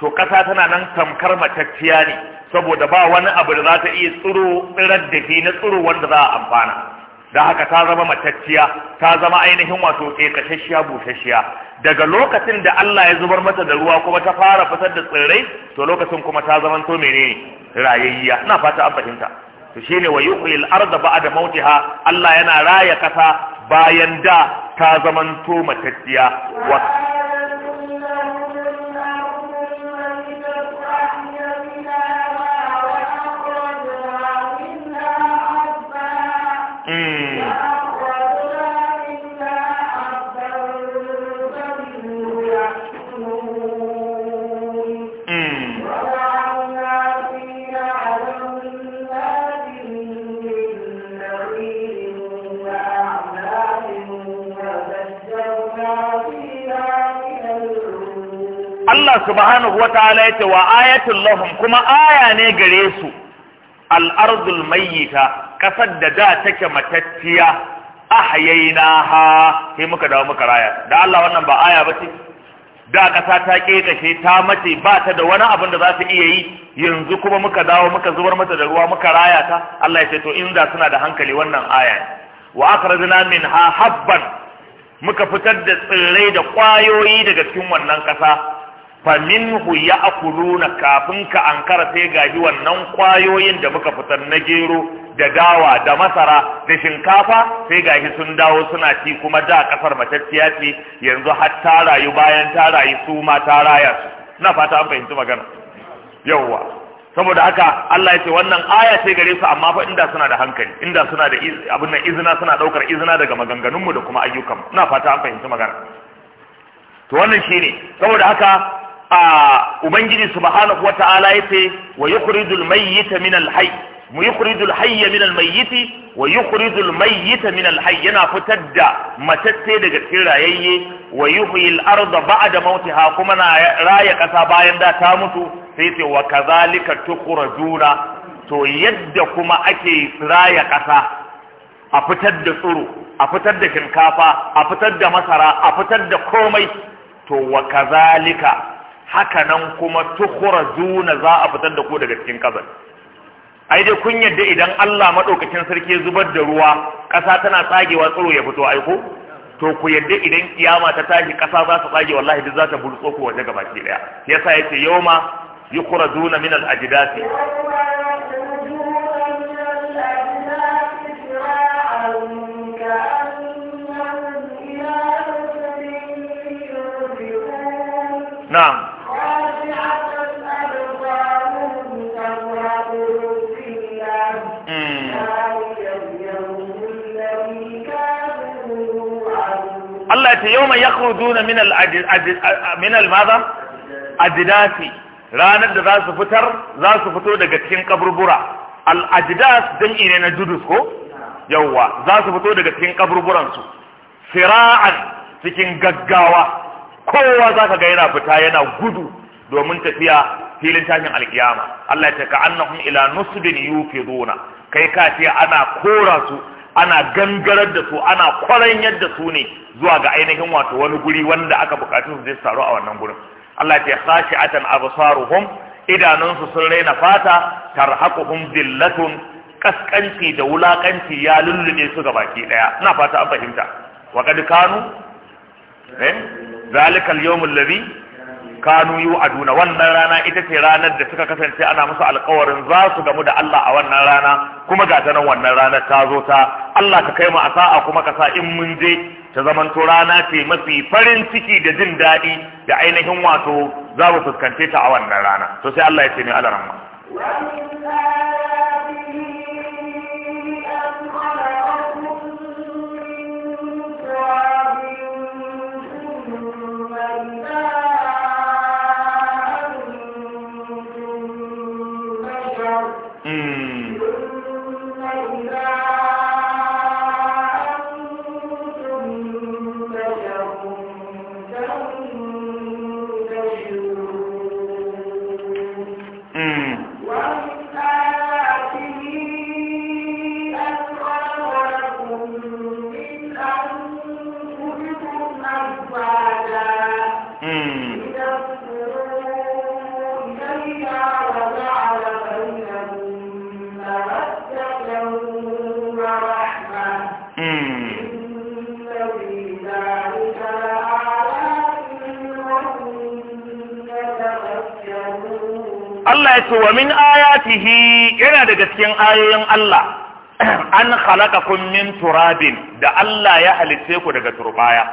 to ƙasa tana nan tamkar matacciya ne saboda ba wani abu da za ta iya tsiro tsirar da ke na tsiro wanda za a amfana da haka ta zama matacciya ta zama ainihin wato ƙeƙashashiya bushashiya daga lokacin da Allah ya zubar mata da ruwa kuma ta fara fitar da tsirrai to lokacin kuma ta zama to menene rayayya ina fata an fahimta to shine wa yuhyi al ba'da mautiha Allah yana raya kasa bayan da ta zama to matacciya wa Allah subhanahu wa ta'ala ya wa ayatul lahum kuma aya ne gare su ardul mayyita kasar da da take matacciya ha sai muka dawo muka raya da Allah wannan ba aya ba ce? da kasa ta kekashe ta mace ba ta da wani abin da za ta iya yi yanzu kuma muka dawo muka zubar mata da ruwa muka raya ta Allah ya ce to in za suna da hankali wannan aya wa akhrajna minha habban muka fitar da tsirrai da kwayoyi daga cikin wannan kasa faminhu ya akuluna kafin ka ankara sai gaji wannan kwayoyin da muka fitar na gero da dawa da masara da shinkafa sai gaji sun dawo suna ci kuma da kasar matacciya ce yanzu har ta rayu bayan ta rayu su ma ta raya su na fata an fahimci magana yawwa saboda haka Allah ya ce wannan aya ce gare su amma fa inda suna da hankali inda suna da abin nan izina suna daukar izina daga maganganunmu da kuma ayyukanmu na fata an fahimci magana to wannan shine saboda haka a ubangiji subhanahu wata'ala yace wa yukhrijul mayyita min al-hayy mu yukhrijul hayya min al-mayyiti wa yukhrijul mayyita min al-hayy yana fitar da matacce daga cikin rayayye wa yuhyil arda ba'da mautiha kuma na raya kasa bayan da ta mutu sai ce wa kazalika tukhrajuna to yadda kuma ake raya kasa a fitar da tsiro a fitar da shinkafa a fitar da masara a fitar da komai to wa kazalika haka nan kuma tukhrajuna za a fitar da ku daga cikin kabar ai dai kun yadda idan Allah madaukakin sarki zubar da ruwa ƙasa tana tsagewa tsoro ya fito aiko to ku yadda idan kiyama ta tashi kasa za su tsage wallahi duk za ta burtso ku waje gaba ki daya yasa yace yawma yukhrajuna min al-ajdasi نعم ce yawma yakhrujuna min al min al ranar da za su fitar za su fito daga cikin kaburbura al ajdas jam'i ne na judus ko yawwa za su fito daga cikin kaburburan su cikin gaggawa kowa za ka ga yana fita yana gudu domin tafiya filin tashin alkiyama Allah ya ce ka annahum ila nusbin yufiduna kai ka ce ana kora su ana gangarar da su ana kwaranyar yadda su ne zuwa ga ainihin wato wani guri wanda aka bukatu su je su taru a wannan gurin Allah ya sashi atan absaruhum idanunsu sun raina fata tarhaquhum dillatun kaskanci da wulakanci ya lullube su ga baki daya ina fata an fahimta wa kad kanu eh zalikal yawmul ladhi kanu yu aduna wannan rana ita ce ranar da suka kasance ana musu alkawarin za su gamu da Allah a wannan rana kuma ga ta nan wannan ranar ta zo ta Allah ka kai mu a sa'a kuma ka sa in mun je ta zamanto rana ce mafi farin ciki da jin daɗi da ainihin wato za mu fuskance ta a wannan rana to sai Allah ya ce ni alaramma Mm. wa min ayatihi yana daga cikin ayoyin Allah an khalaqakum min turabin da Allah ya halitte ku daga turbaya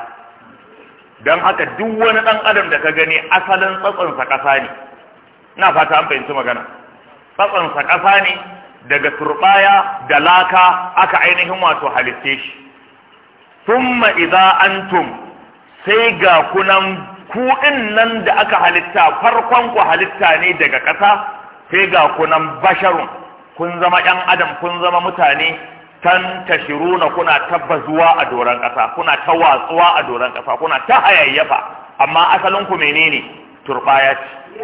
dan haka duk wani dan adam da ka gani asalin tsatson sa kasa ne ina fata an fahimci magana tsatson sa kasa ne daga turbaya da laka aka ainihin wato halitte shi thumma idza antum sai ga kunan ku ɗin nan da aka halitta farkon ku halitta ne daga ƙasa sai ga ku nan basharun kun zama ɗan adam kun zama mutane tan tashiruna kuna tabbazuwa a doron ƙasa kuna ta watsuwa a doron ƙasa kuna ta hayayyafa amma asalinku ku menene turbaya ce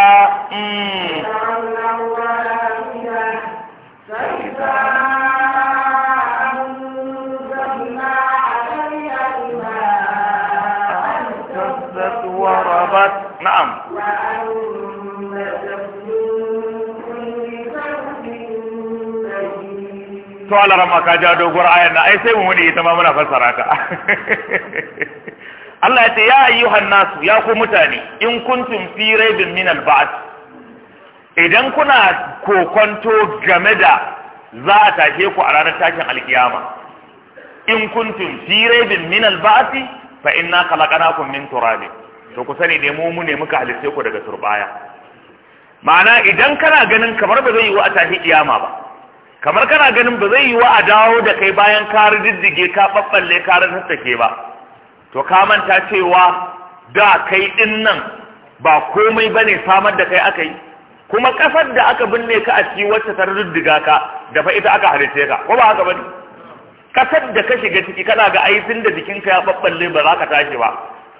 to Allah ka ja dogor ayan na ai sai mu wani ita ma muna fassara ta Allah ya ce ya ayyuhan nasu ya ku mutane in kuntum fi raibin min al idan kuna kokonto game da za a tashe ku a ranar takin alkiyama in kuntum fi raibin min al fa inna khalaqnakum min turab to ku sani ne mu mu ne muka halitte ku daga turbaya ma'ana idan kana ganin kamar ba zai yi wa a tashi kiyama ba kamar kana ganin ba zai yi wa a dawo da kai bayan ka diddige, ka ɓaɓɓalle ka rarrattake ba to ka manta cewa da kai ɗin nan ba komai ba ne samar da kai aka yi kuma ƙasar da aka binne ka a ciki wacce ta diddiga ka da fa ita aka halice ka ko ba haka ba ne ƙasar da ka shiga ciki kana ga ai tun da jikinka ya ɓaɓɓalle ba za ka tashi ba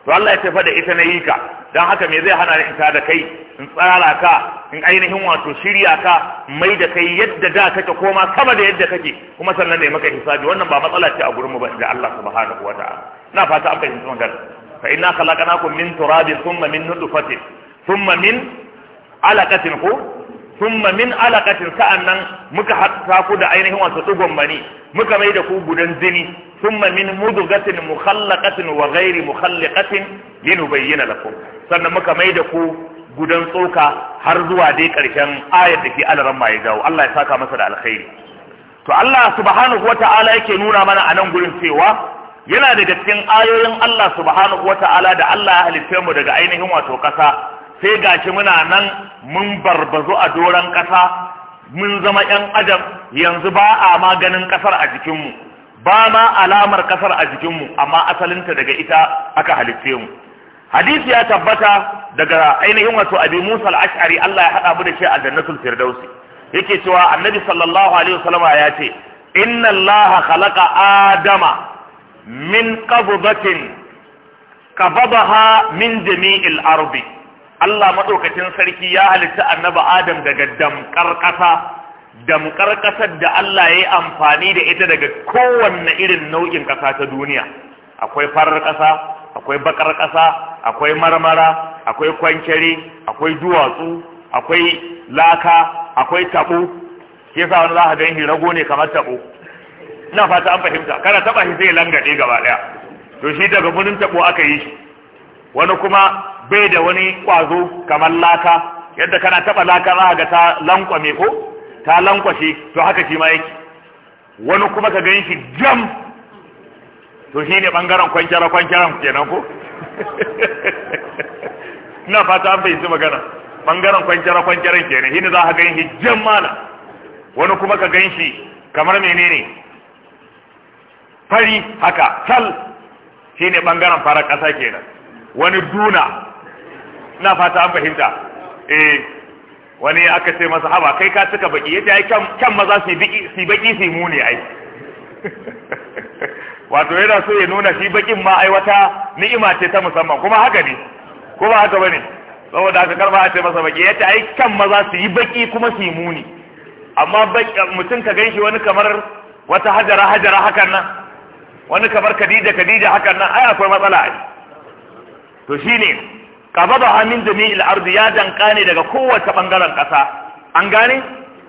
to Allah ya ce da ita na yi ka don haka me zai hana ni ita da kai in tsara ka in ainihin wato shirya ka mai da kai yadda da kake koma sama da yadda kake kuma sannan ne maka hisabi wannan ba matsala ce a gurin mu ba da Allah subhanahu wa ta'ala ina fata an fahimci magana fa inna khalaqnakum min turabin thumma min nutfatin thumma min alaqatin ko thumma min alaqatin sa'annan muka hatta ku da ainihin wato dugon bani muka mai da ku gudan zini thumma min mudghatin mukhallaqatin wa ghairi mukhallaqatin linubayyana lakum sannan muka mai da ku gudan tsoka har zuwa dai ƙarshen ayar da ke alaran ma ya jawo Allah ya saka masa da alkhairi to Allah subhanahu wata'ala yake nuna mana a nan gurin cewa yana da cikin ayoyin Allah subhanahu wata'ala da Allah ya halitta mu daga ainihin wato ƙasa sai gashi muna nan mun barbazu a doron ƙasa mun zama 'yan adam yanzu ba a maganin ƙasar a jikinmu ba ma alamar ƙasar a jikin mu amma asalinta daga ita aka halitte mu hadisi ya tabbata daga ainihin wato abi musa al-ash'ari Allah ya hada mu da shi a jannatul firdausi yake cewa annabi sallallahu alaihi wasallama ya ce inna allaha khalaqa adama min qabdatin qabadaha min jami'il ardi Allah madaukakin sarki ya halitta annabi adam daga damkar kasa damkar kasar da Allah ya yi amfani da ita daga kowanne irin nau'in kasa ta duniya akwai farar kasa akwai bakar ƙasa akwai marmara akwai kwankere akwai duwatsu akwai laka akwai taɓo Ke sa wani za ka gan rago ne kamar taɓo ina fata an fahimta kana taɓa shi zai langaɗe gaba ɗaya to shi daga munin taɓo aka yi shi wani kuma bai da wani ƙwazo kamar laka yadda kana taɓa laka za ga ta lankwame ko ta lankwashe to haka shi ma yake wani kuma ka gan shi jam to shi ne ɓangaren kwankyara-kwankyaran kenan ko? ina fata an fahimci magana ɓangaren kwankyara-kwankyaran kenan shi ne za a gan shi jan mana. wani kuma ka gan shi kamar menene fari haka sal shi ne ɓangaren farar ƙasa kenan wani duna ina fata an fahimta eh wani aka ce masa haba kai ka cika baki yace ai kyan maza su yi baki su yi muni ai wato yana so ya nuna shi bakin ma ai wata ni'ima ce ta musamman kuma haka ne ko ba haka bane saboda haka karba a ce masa baki yace ai kan maza su yi baki kuma su yi muni amma mutum ka ganshi wani kamar wata hajara hajara hakan nan wani kamar kadija kadija hakan nan ai akwai matsala ai to shine qabada amin jami'il ardi ya danka ne daga kowace bangaren kasa an gane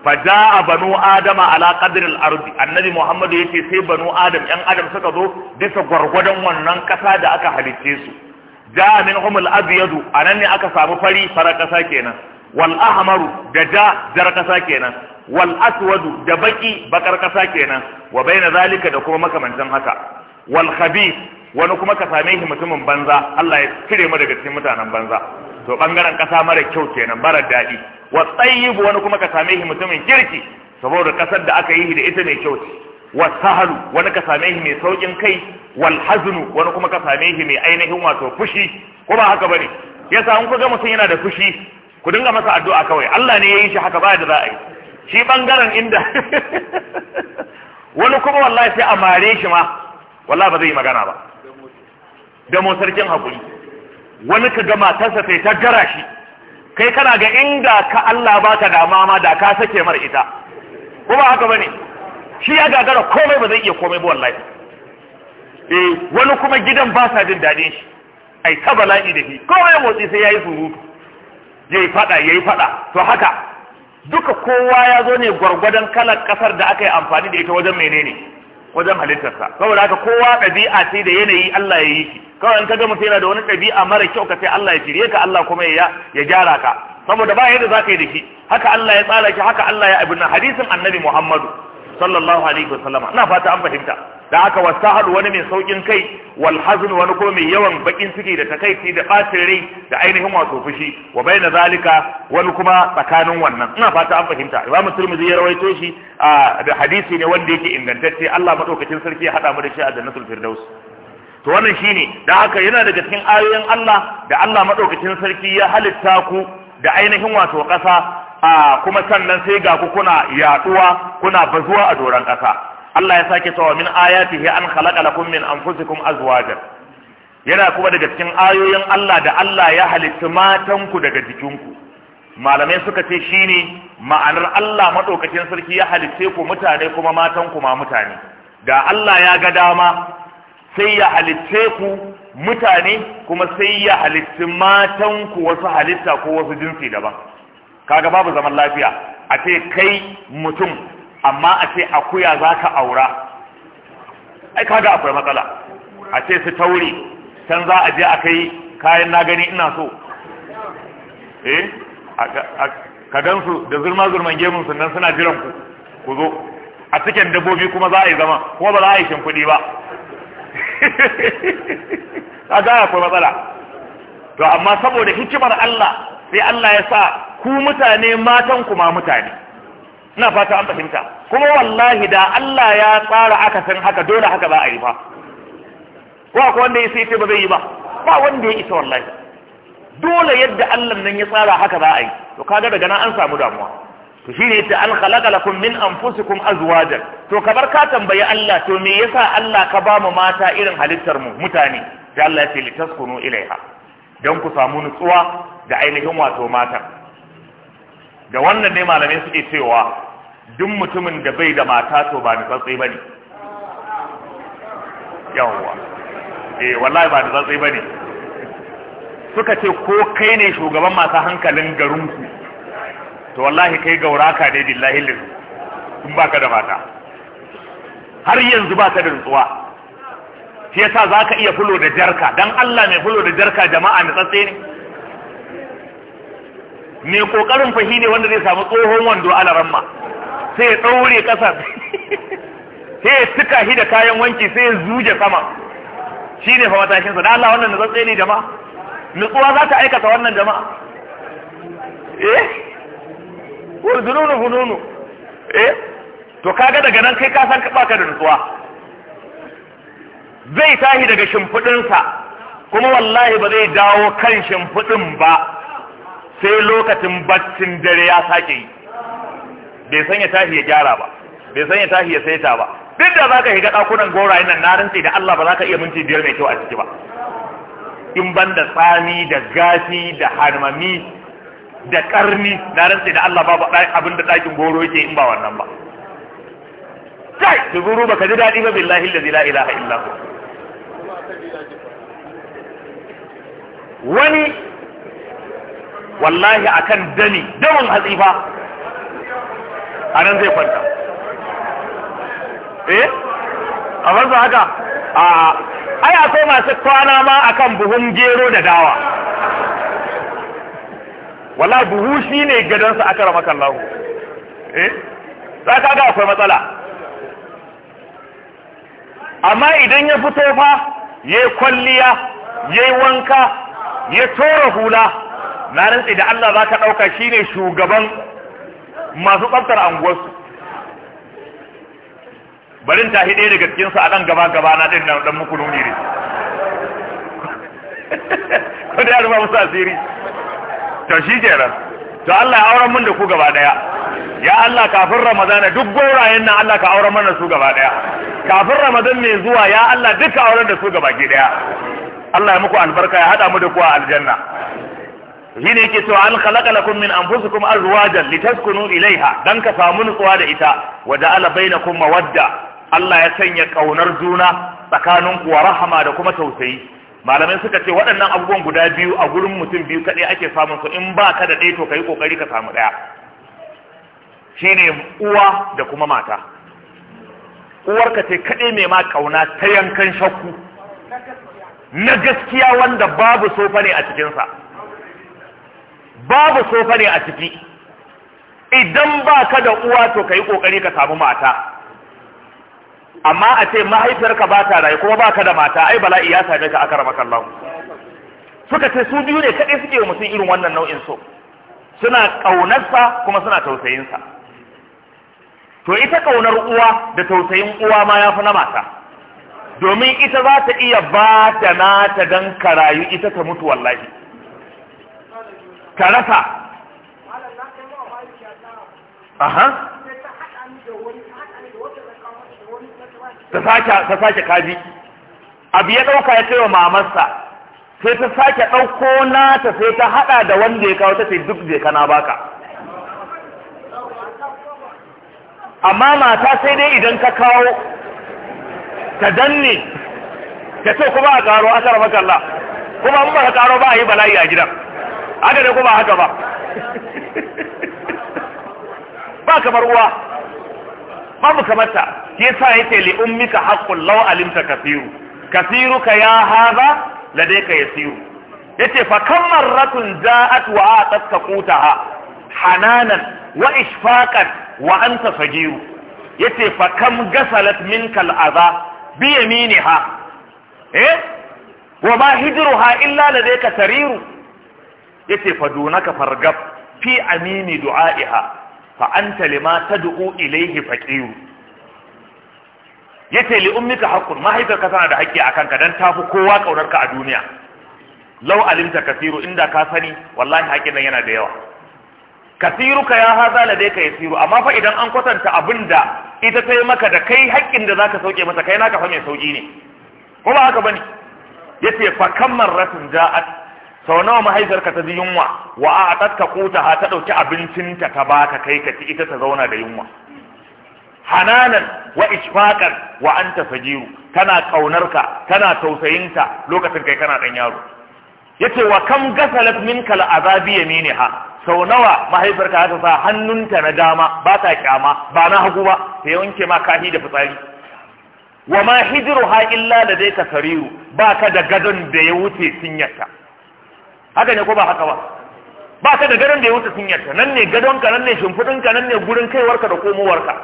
a banu adama ala qadril arzi. annabi muhammadu ya ce sai banu adam yan adam suka zo bisa gwargwadon wannan kasa da aka halicce su ja'a minhum al abyadu anan ne aka samu fari farar kasa kenan wal ahmaru da ja jar kasa kenan wal aswadu da baki bakar kasa kenan wa baina zalika da kuma makamantan haka wal khabith wani kuma ka same shi mutumin banza Allah ya kire mu daga cikin mutanen banza to bangaren kasa mara kyau kenan bara daɗi wa tsayyib wani kuma ka same shi mutumin kirki saboda kasar da aka yi shi da ita mai kyau wa sahalu wani ka same shi mai saukin kai wal haznu wani kuma ka same shi mai ainihin wato fushi ko ba haka bane yasa in kuga mutum yana da fushi ku dinga masa addu'a kawai Allah ne ya yi shi haka ba da za a yi shi bangaren inda wani kuma wallahi sai a mare shi ma wallahi ba zai yi magana ba da motsarkin hakuri wani ka ga matarsa sai ta gara shi kai kana ga inda ka Allah ba baka dama ma da ka sake mar ita ko ba haka bane shi ya gagara komai ba zai iya komai ba wallahi eh wani kuma gidan ba sa jin dadin shi ai ta bala'i da shi komai motsi sai yayi surutu yayi fada yayi fada to haka duka kowa ya zo ne gwargwadon kalar kasar da aka yi amfani da ita wajen menene wajen halittarsa saboda haka kowa ɗabi'a ce da yanayi Allah ya yi shi kawai in kaga mutum yana da wani ɗabi'a mara kyau ka sai Allah ya shirye ka Allah kuma ya ya gyara ka saboda ba yadda zaka yi da shi haka Allah ya tsara shi haka Allah ya abin hadisin Annabi Muhammadu sallallahu alaihi wasallama ina fata an fahimta da aka wasahal wani mai saukin kai wal hazn wani kuma mai yawan bakin ciki da takaici da bacin rai da ainihin wato fushi wa baina zalika wani kuma tsakanin wannan ina fata an fahimta imamu turmizi ya rawaito shi da hadisi ne wanda yake ingantacce Allah madaukakin sarki ya hada mu da shi a jannatul firdaus to wannan shine da haka yana daga cikin ayoyin Allah da Allah madaukakin sarki ya halitta ku da ainihin wato ƙasa a kuma sannan sai ga ku kuna yaduwa kuna bazuwa a doran ƙasa Allah ya sake cewa min ayatihi an khalaqa lakum min anfusikum azwajan yana kuma daga cikin ayoyin Allah da Allah ya halitta matanku daga jikinku malamai suka ce shine ma'anar Allah madaukakin sarki ya halitta ku mutane kuma matan ku ma mutane da Allah ya ga dama sai ya halitta ku mutane kuma sai ya halitta matan ku wasu halitta ko wasu jinsi daban kaga babu zaman lafiya a ce kai mutum amma a ce akuya za ka aura ai kaga akwai matsala a ce su taure can za a je a kai kayan na gani ina so eh ka gansu da zurma zurman gemun sannan suna jiran ku ku zo a cikin dabbobi kuma za a yi zama kuma ba za a yi shimfiɗi ba kaga akwai matsala to amma saboda hikimar Allah sai Allah ya sa ku mutane matan kuma mutane ina fata an fahimta kuma wallahi da Allah ya tsara akasin haka dole haka ba a yi ba ko wanda ya sai ce ba zai yi ba ba wanda ya isa wallahi dole yadda Allah nan ya tsara haka za a yi to kaga daga nan an samu damuwa to shine yace an khalaqa lakum min anfusikum azwajan to kabar ka tambayi Allah to me yasa Allah ka ba mu mata irin halittar mu mutane da Allah ya ce litaskunu ilaiha dan ku samu nutsuwa da ainihin wato mata da wannan ne malamai suke cewa duk mutumin da bai da mata to ba ni tsatsai bane yawwa eh wallahi ba ni tsatsai bane suka ce ko kai ne shugaban masu hankalin ku to wallahi kai gauraka ne billahi lillahi kun baka da mata har yanzu baka da nutsuwa shi yasa zaka iya fulo da jarka dan Allah mai fulo da jarka jama'a ni tsatse ne mai kokarin fahi ne wanda zai samu tsohon wando ala ramma sai ya daure kasa sai ya tuka shi da kayan wanki sai ya zuje sama shi ne fa matashinsa da Allah wannan nutsatse ne jama'a nutsuwa za ta aikata wannan jama'a eh wurdununu hununu eh to kaga daga nan kai ka san baka da nutsuwa zai tahi daga shimfiɗinsa kuma wallahi ba zai dawo kan shimfiɗin ba sai lokacin baccin dare ya sake yi bai sanya tashi ya gyara ba bai sanya tashi ya saita ba duk da zaka shiga dakunan gorayen nan na rantsi da Allah ba zaka iya minti biyar mai kyau a ciki ba in ban da tsami da gashi da harmami da karni na rantsi da Allah babu abin da dakin goro yake in ba wannan ba kai tuguru baka ji dadi ba billahi allazi la ilaha illa hu wani wallahi akan dami damin hatsifa a nan zai kwanta eh a farko haka a ai sai masu kwana ma akan buhun gero da dawa Wala buhu shi ne gadonsa aka rama lahu eh za ka ga akwai matsala amma idan ya fito fa ya yi kwalliya ya yi wanka ya tora hula na rantsi da Allah za ka ɗauka shi ne shugaban masu tsaftar anguwarsu barin ta hide daga cikinsu a ɗan gaba gaba na ɗin nan ɗan muku nuni ne ko da ya rufa musu asiri to shi kenan to Allah ya auren mun da ku gaba ɗaya ya Allah kafin Ramadana duk gaurayen nan Allah ka auren mana su gaba ɗaya kafin Ramadan mai zuwa ya Allah duka auren da su gaba ki ɗaya Allah ya muku albarka ya haɗa mu da ku a aljanna shine yake cewa an khalaqa lakum min anfusikum azwajan litaskunu ilaiha dan ka samu nutsuwa da ita wa ja'ala bainakum mawadda Allah ya sanya kaunar juna tsakanin ku wa rahama da kuma tausayi malamai suka ce waɗannan abubuwan guda biyu a gurin mutum biyu kaɗai ake samun su in ba ka da ɗaya to ka yi ka samu ɗaya shine uwa da kuma mata Uwar ka ce kaɗai mai ma kauna ta yankan shakku na gaskiya wanda babu sofa ne a cikinsa babu sofa ne a ciki idan ba ka da uwa to ka yi ƙoƙari ka samu mata amma a ce mahaifiyarka ba ta rayu kuma ba ka da mata ai bala'i ya same ka aka rama kallon suka ce su biyu ne kaɗai suke wa mutum irin wannan nau'in so suna ƙaunarsa kuma suna tausayinsa to ita ƙaunar uwa da tausayin uwa ma ya fi na mata domin ita za ta iya ba ta nata don ka rayu ita ta mutu wallahi ka rasa aha ta sake kaji abu ya ɗauka ya cewa mamarsa sai ta sake ɗauko nata sai ta haɗa da wanda ya kawo ta sai duk je kana baka amma mata sai dai idan ka kawo ta danne ta ce kuma a karo a karo makalla kuma an ba karo ba a yi bala'i a gidan haka ne ko ba haka ba ba kamar uwa babu kamar ta shi yasa yake li ummika haqqul law alimta kathiru ka ya hadha ladayka yasiru yace fa kam marratun ja'at wa kuta ha hananan wa ishfaqan wa anta sagiru yace fa kam gasalat aza, biya mini ha. eh wa hijiru ha illa ka sariru yace fadunaka fargab fi amini du'aiha fa anta lima tad'u ilayhi faqir yace li ummika haqqun mahaifarka tana da haƙƙi akan ka dan tafi kowa kaunarka a duniya law alimta kasiru inda ka sani wallahi haƙƙin nan yana da yawa kasiruka ya haza ladayka yasiru amma fa idan an kwatanta abinda ita ta yi maka da kai haƙƙin da zaka sauke mata kai naka fa mai sauki ne Kuma ba haka bane yace fa rasin rasul ja'at sau nawa mahaifiyarka ta ji yunwa wa a tatka kuta ha ta ɗauki abincinta ta baka kai ka ci ita ta zauna da yunwa hananan wa ishfaqan wa anta ƙaunar kana kaunarka kana tausayinta lokacin kai kana dan yaro yace wa kam gasalat minka al'azabi yaminha sau nawa mahaifiyarka ta sa hannunta na dama ba ta kyama ba na hagu ba ta wanke ma kahi da fitsari wa ma hijruha illa ladayka sariru baka da gadon da ya wuce sinyarta haka ne ko ba haka ba ba ta da gadon da ya wuce cinyarka nan ne gadonka nan ne shimfiɗinka nan ne gurin kaiwarka da komowarka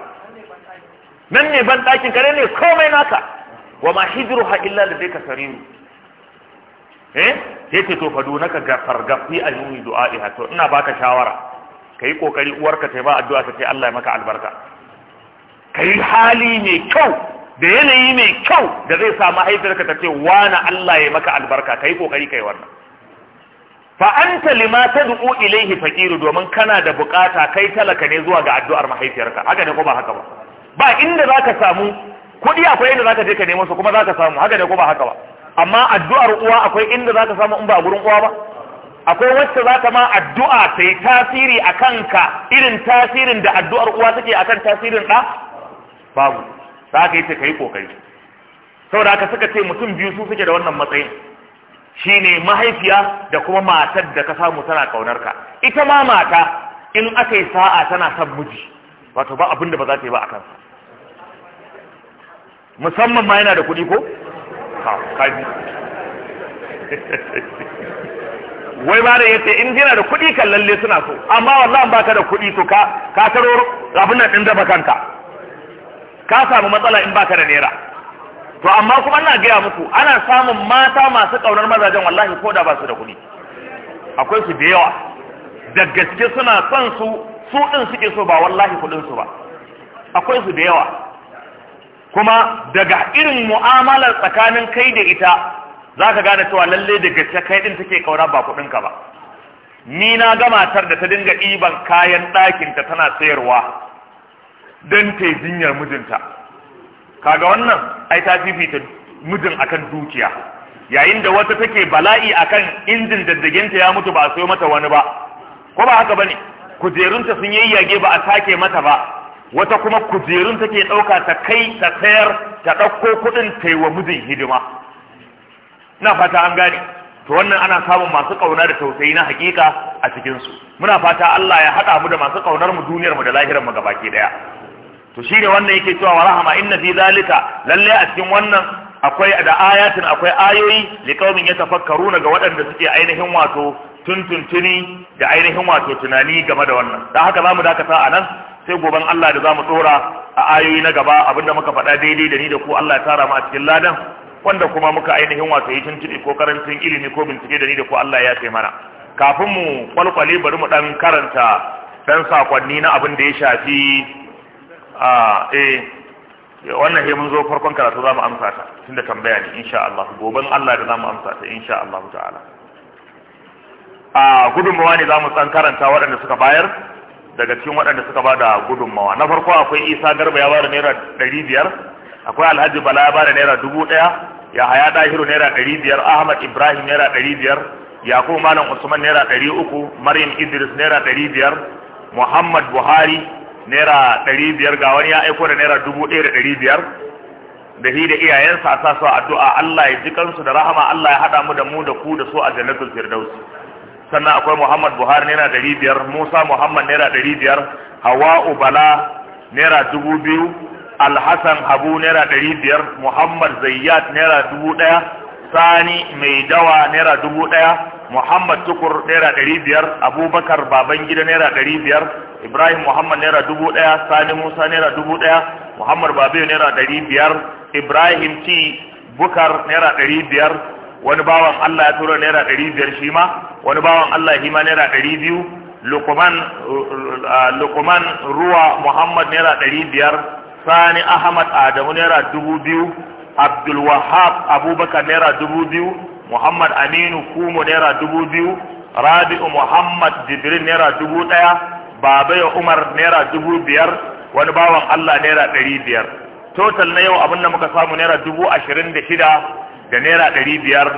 nan ne ban ka nan ne komai naka wa ma hijiru ha illa da zai ka sariru eh sai to naka ga fargafi a yi du'a'iha to ina baka shawara ka yi kokari uwarka ta ba addu'a ta ce Allah ya maka albarka ka yi hali mai kyau da yanayi mai kyau da zai sa mahaifiyarka ta ce wani Allah ya maka albarka ka yi kokari ka yi wannan fa anta lima tad'u ilayhi faqiru domin kana da bukata kai talaka ne zuwa ga addu'ar mahaifiyarka haka ne ko ba haka ba ba inda zaka samu kudi akwai inda zaka je ka nemo su kuma zaka samu haka ne ko ba haka ba amma addu'ar uwa akwai inda zaka samu in ba a gurin uwa ba akwai wacce za ta ma addu'a ta yi tasiri a kanka irin tasirin da addu'ar uwa take a kan tasirin ɗa? babu za ka yi ta kai ƙoƙari Saboda haka suka ce mutum biyu su suke da wannan matsayin shine mahaifiya da kuma matar da ka samu tana kaunar ka ita ma mata in aka yi sa'a tana son miji wato ba abin da ba za ta yi ba a kansa musamman ma yana da kuɗi ko kaji wai ba da ya ce in jina da kuɗi kan lalle suna so amma wallahi ba ka da kuɗi to ka ka taro abin nan ɗin dafa kanka ka samu matsala in ba ka da nera. to amma kuma ina gaya muku ana samun mata masu kaunar mazajen wallahi ko da ba su da kuɗi akwai su da yawa da gaske suna son su su din suke so ba wallahi kuɗin su ba akwai su da yawa kuma daga irin mu'amalar tsakanin kai da ita za ka gane cewa lalle da gaske kai ɗin take kaura ba kuɗinka ba ni na ga matar da ta dinga ɗiban kayan ɗakinta tana sayarwa don ta jinyar mijinta kaga wannan ai ta fifita mijin akan dukiya yayin da wata take bala'i akan injin daddaginta ya mutu ba a sayo mata wani ba ko ba haka bane kujerunta sun yayyage ba a sake mata ba wata kuma kujerun take ɗauka ta kai ta sayar ta ɗauko kuɗin ta wa mijin hidima na fata an gane to wannan ana samun masu ƙauna da tausayi na hakika a cikinsu muna fata Allah ya haɗa mu da masu ƙaunar mu duniyar mu da lahirar mu gabaki ɗaya to shi ne wannan yake cewa wa rahama inna fi zalika lalle a cikin wannan akwai da ayatin akwai ayoyi li qaumin yatafakkaruna ga waɗanda suke ainihin wato tuntuntuni da ainihin wato tunani game da wannan dan haka zamu dakata a nan sai goben Allah da zamu tsora a ayoyi na gaba abinda muka faɗa daidai da ni da ku Allah ya tara mu a cikin ladan wanda kuma muka ainihin wato yi tuntuni ko karantun ilimi ko bincike da ni da ku Allah ya kai mana kafin mu kwalkwale bari mu dan karanta dan sakonni na abin da ya shafi a eh wannan he mun zo farkon karatu za mu amsa ta tunda tambaya ne insha Allah goben Allah da za mu amsa ta insha Allah ta'ala a gudunmawa ne za mu san karanta waɗanda suka bayar daga cikin waɗanda suka ba da gudunmawa na farko akwai isa garba ya ba da naira ɗari biyar akwai alhaji bala ya ba da naira dubu ɗaya ya haya ɗahiru naira ɗari biyar ahmad ibrahim naira ɗari biyar yakubu malam usman naira ɗari uku maryam idris naira ɗari biyar muhammad buhari naira ɗari biyar ga wani ya aiko da naira dubu ɗaya da ɗari biyar da shi da iyayensa a sa su addu'a Allah ya ji kansu da rahama Allah ya haɗa mu da mu da ku da su a jannatul firdaus sannan akwai Muhammad Buhari naira ɗari biyar Musa Muhammad naira ɗari biyar Hawa Ubala naira dubu biyu Alhassan Habu naira ɗari biyar Muhammad Zayyad naira dubu ɗaya Sani Mai Dawa naira dubu ɗaya Muhammad Tukur naira ɗari biyar, Abubakar Babangida naira ɗari biyar, Ibrahim Muhammad naira dubu ɗaya, Sani Musa naira dubu ɗaya, Muhammad Babiyo naira ɗari biyar, Ibrahim T. Bukar naira ɗari biyar, wani bawan Allah ya tura naira ɗari biyar shi ma, wani bawan Allah shi ma naira ɗari biyu, Lukuman uh, uh, Ruwa Muhammad naira ɗari biyar, Sani Ahmad Adamu naira dubu biyu, Abdulwahab Abubakar naira dubu biyu, muhammad aminu kumo naira dubu biyu rabi'u muhammad jibril naira dubu ɗaya babaya umar naira dubu biyar wani bawan allah naira ɗari biyar total na yau abin da muka samu naira dubu ashirin da shida da naira ɗari biyar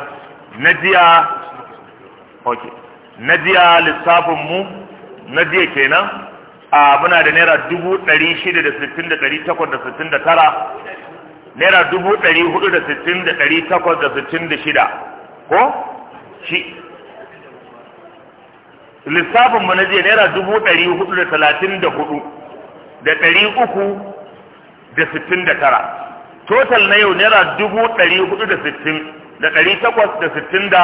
na jiya okay. na jiya lissafinmu na jiya kenan a muna da naira dubu ɗari shida da sittin da ɗari takwas da sittin da tara naira dubu ɗari hudu da sittin da ɗari takwas da sittin da shida ko shi lissafin mu na jiya naira dubu ɗari hudu da talatin da hudu da ɗari uku da sittin da tara total na yau naira dubu ɗari hudu da sittin da ɗari takwas da sittin da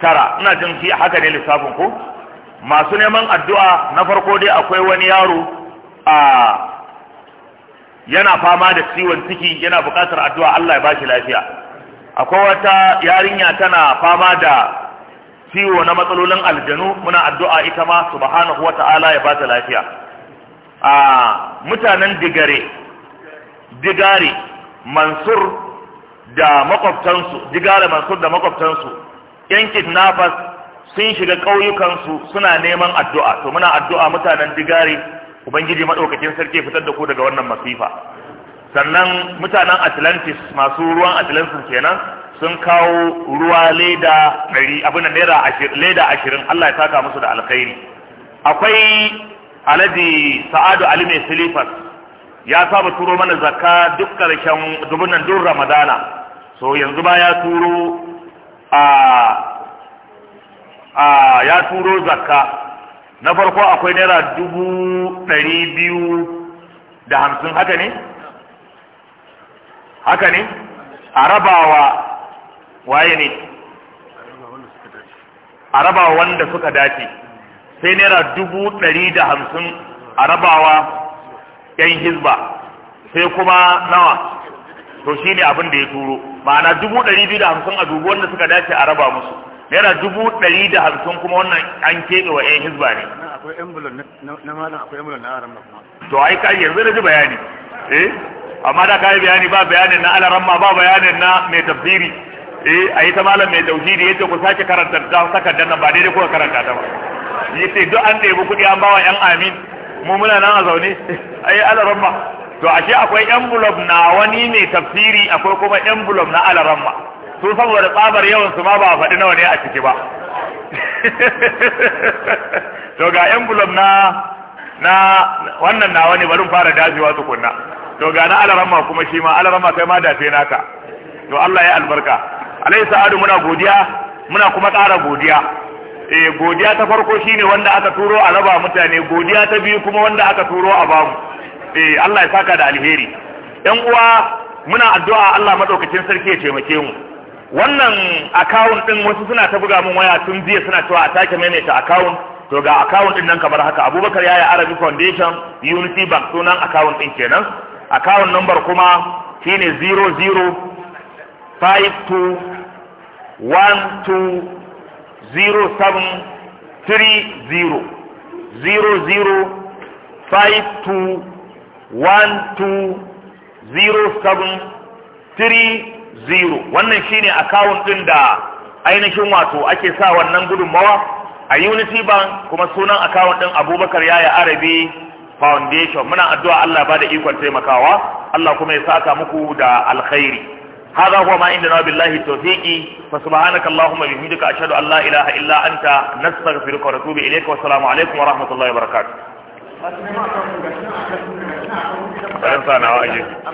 tara ina jin shi haka ne lissafin ku masu neman addu'a na farko dai akwai wani yaro a yana fama da ciwon ciki yana buƙatar addu'a Allah ya ba shi lafiya akwai wata yarinya tana fama da ciwo na matsalolin aljanu muna addu'a ita ma subhanahu wata'ala ya bata lafiya a mutanen digare digare mansur da makwabtansu digare mansur da makwabtansu yan kidnappers sun shiga ƙauyukansu suna neman addu'a to muna addu'a mutanen digare ubangiji maɗaukakin sarki fitar da ku daga wannan masifa sannan mutanen atlantis masu ruwan atlantis kenan sun kawo ruwa leda ɗari abin naira leda ashirin allah ya saka musu da alkhairi akwai alhaji sa'adu ali mai silifas ya saba turo mana zakka duk ƙarshen dubunan duk ramadana so yanzu ba ya turo a a ya turo zakka na farko akwai naira dubu ɗari biyu da hamsin haka ne haka ne a rabawa waye ne a rabawa wanda suka dace sai naira dubu ɗari da hamsin a rabawa yan hizba sai kuma nawa to shi ne abin da ya turo ma'ana dubu ɗari biyu da hamsin a dubu wanda suka dace a raba musu naira dubu ɗari da hamsin kuma wannan an keɓe wa yan hizba ne akwai na malam akwai na aram to ai ka yanzu na ji bayani eh amma da kai bayani ba bayanin na alaramma ba bayanin na mai tafsiri eh ayi ta malam mai tauhidi yace ku sake karanta ta takardar nan ba daidai kuka karanta ta ba yace duk an ɗebi kuɗi an bawa yan amin mu muna nan a zaune ai alaramma to ashe akwai envelope na wani mai tafsiri akwai kuma envelope na alaramma to saboda tsabar yawan su ma ba a faɗi nawa ne a ciki ba to ga envelope na na wannan nawa ne bari fara dajewa tukunna to ga na alarama kuma shi ma alarama kai ma dafe naka to Allah ya albarka alai sa'adu muna godiya muna kuma ƙara godiya eh godiya ta farko shine wanda aka turo a raba mutane godiya ta biyu kuma wanda aka turo a bamu eh Allah ya saka da alheri yan uwa muna addu'a Allah madaukakin sarki ya taimake mu wannan account din wasu suna ta buga mun waya tun jiya suna cewa a take maimaita account to ga account din nan kamar haka Abubakar Yaya Arabic Foundation Unity Bank sunan account din kenan account number kuma shine three zero wannan shine account din da ainihin wato ake sa wannan gudunmawa a unity bank kuma sunan account din abubakar yaya arabi foundation muna addu'a Allah ba da ikon taimakawa Allah kuma ya saka muku da alkhairi hadha huwa ma inda billahi tawfiqi fa subhanaka allahumma bihamdika ashhadu an la ilaha illa anta nastaghfiruka wa natubu ilayka wa salamu alaykum wa rahmatullahi wa barakatuh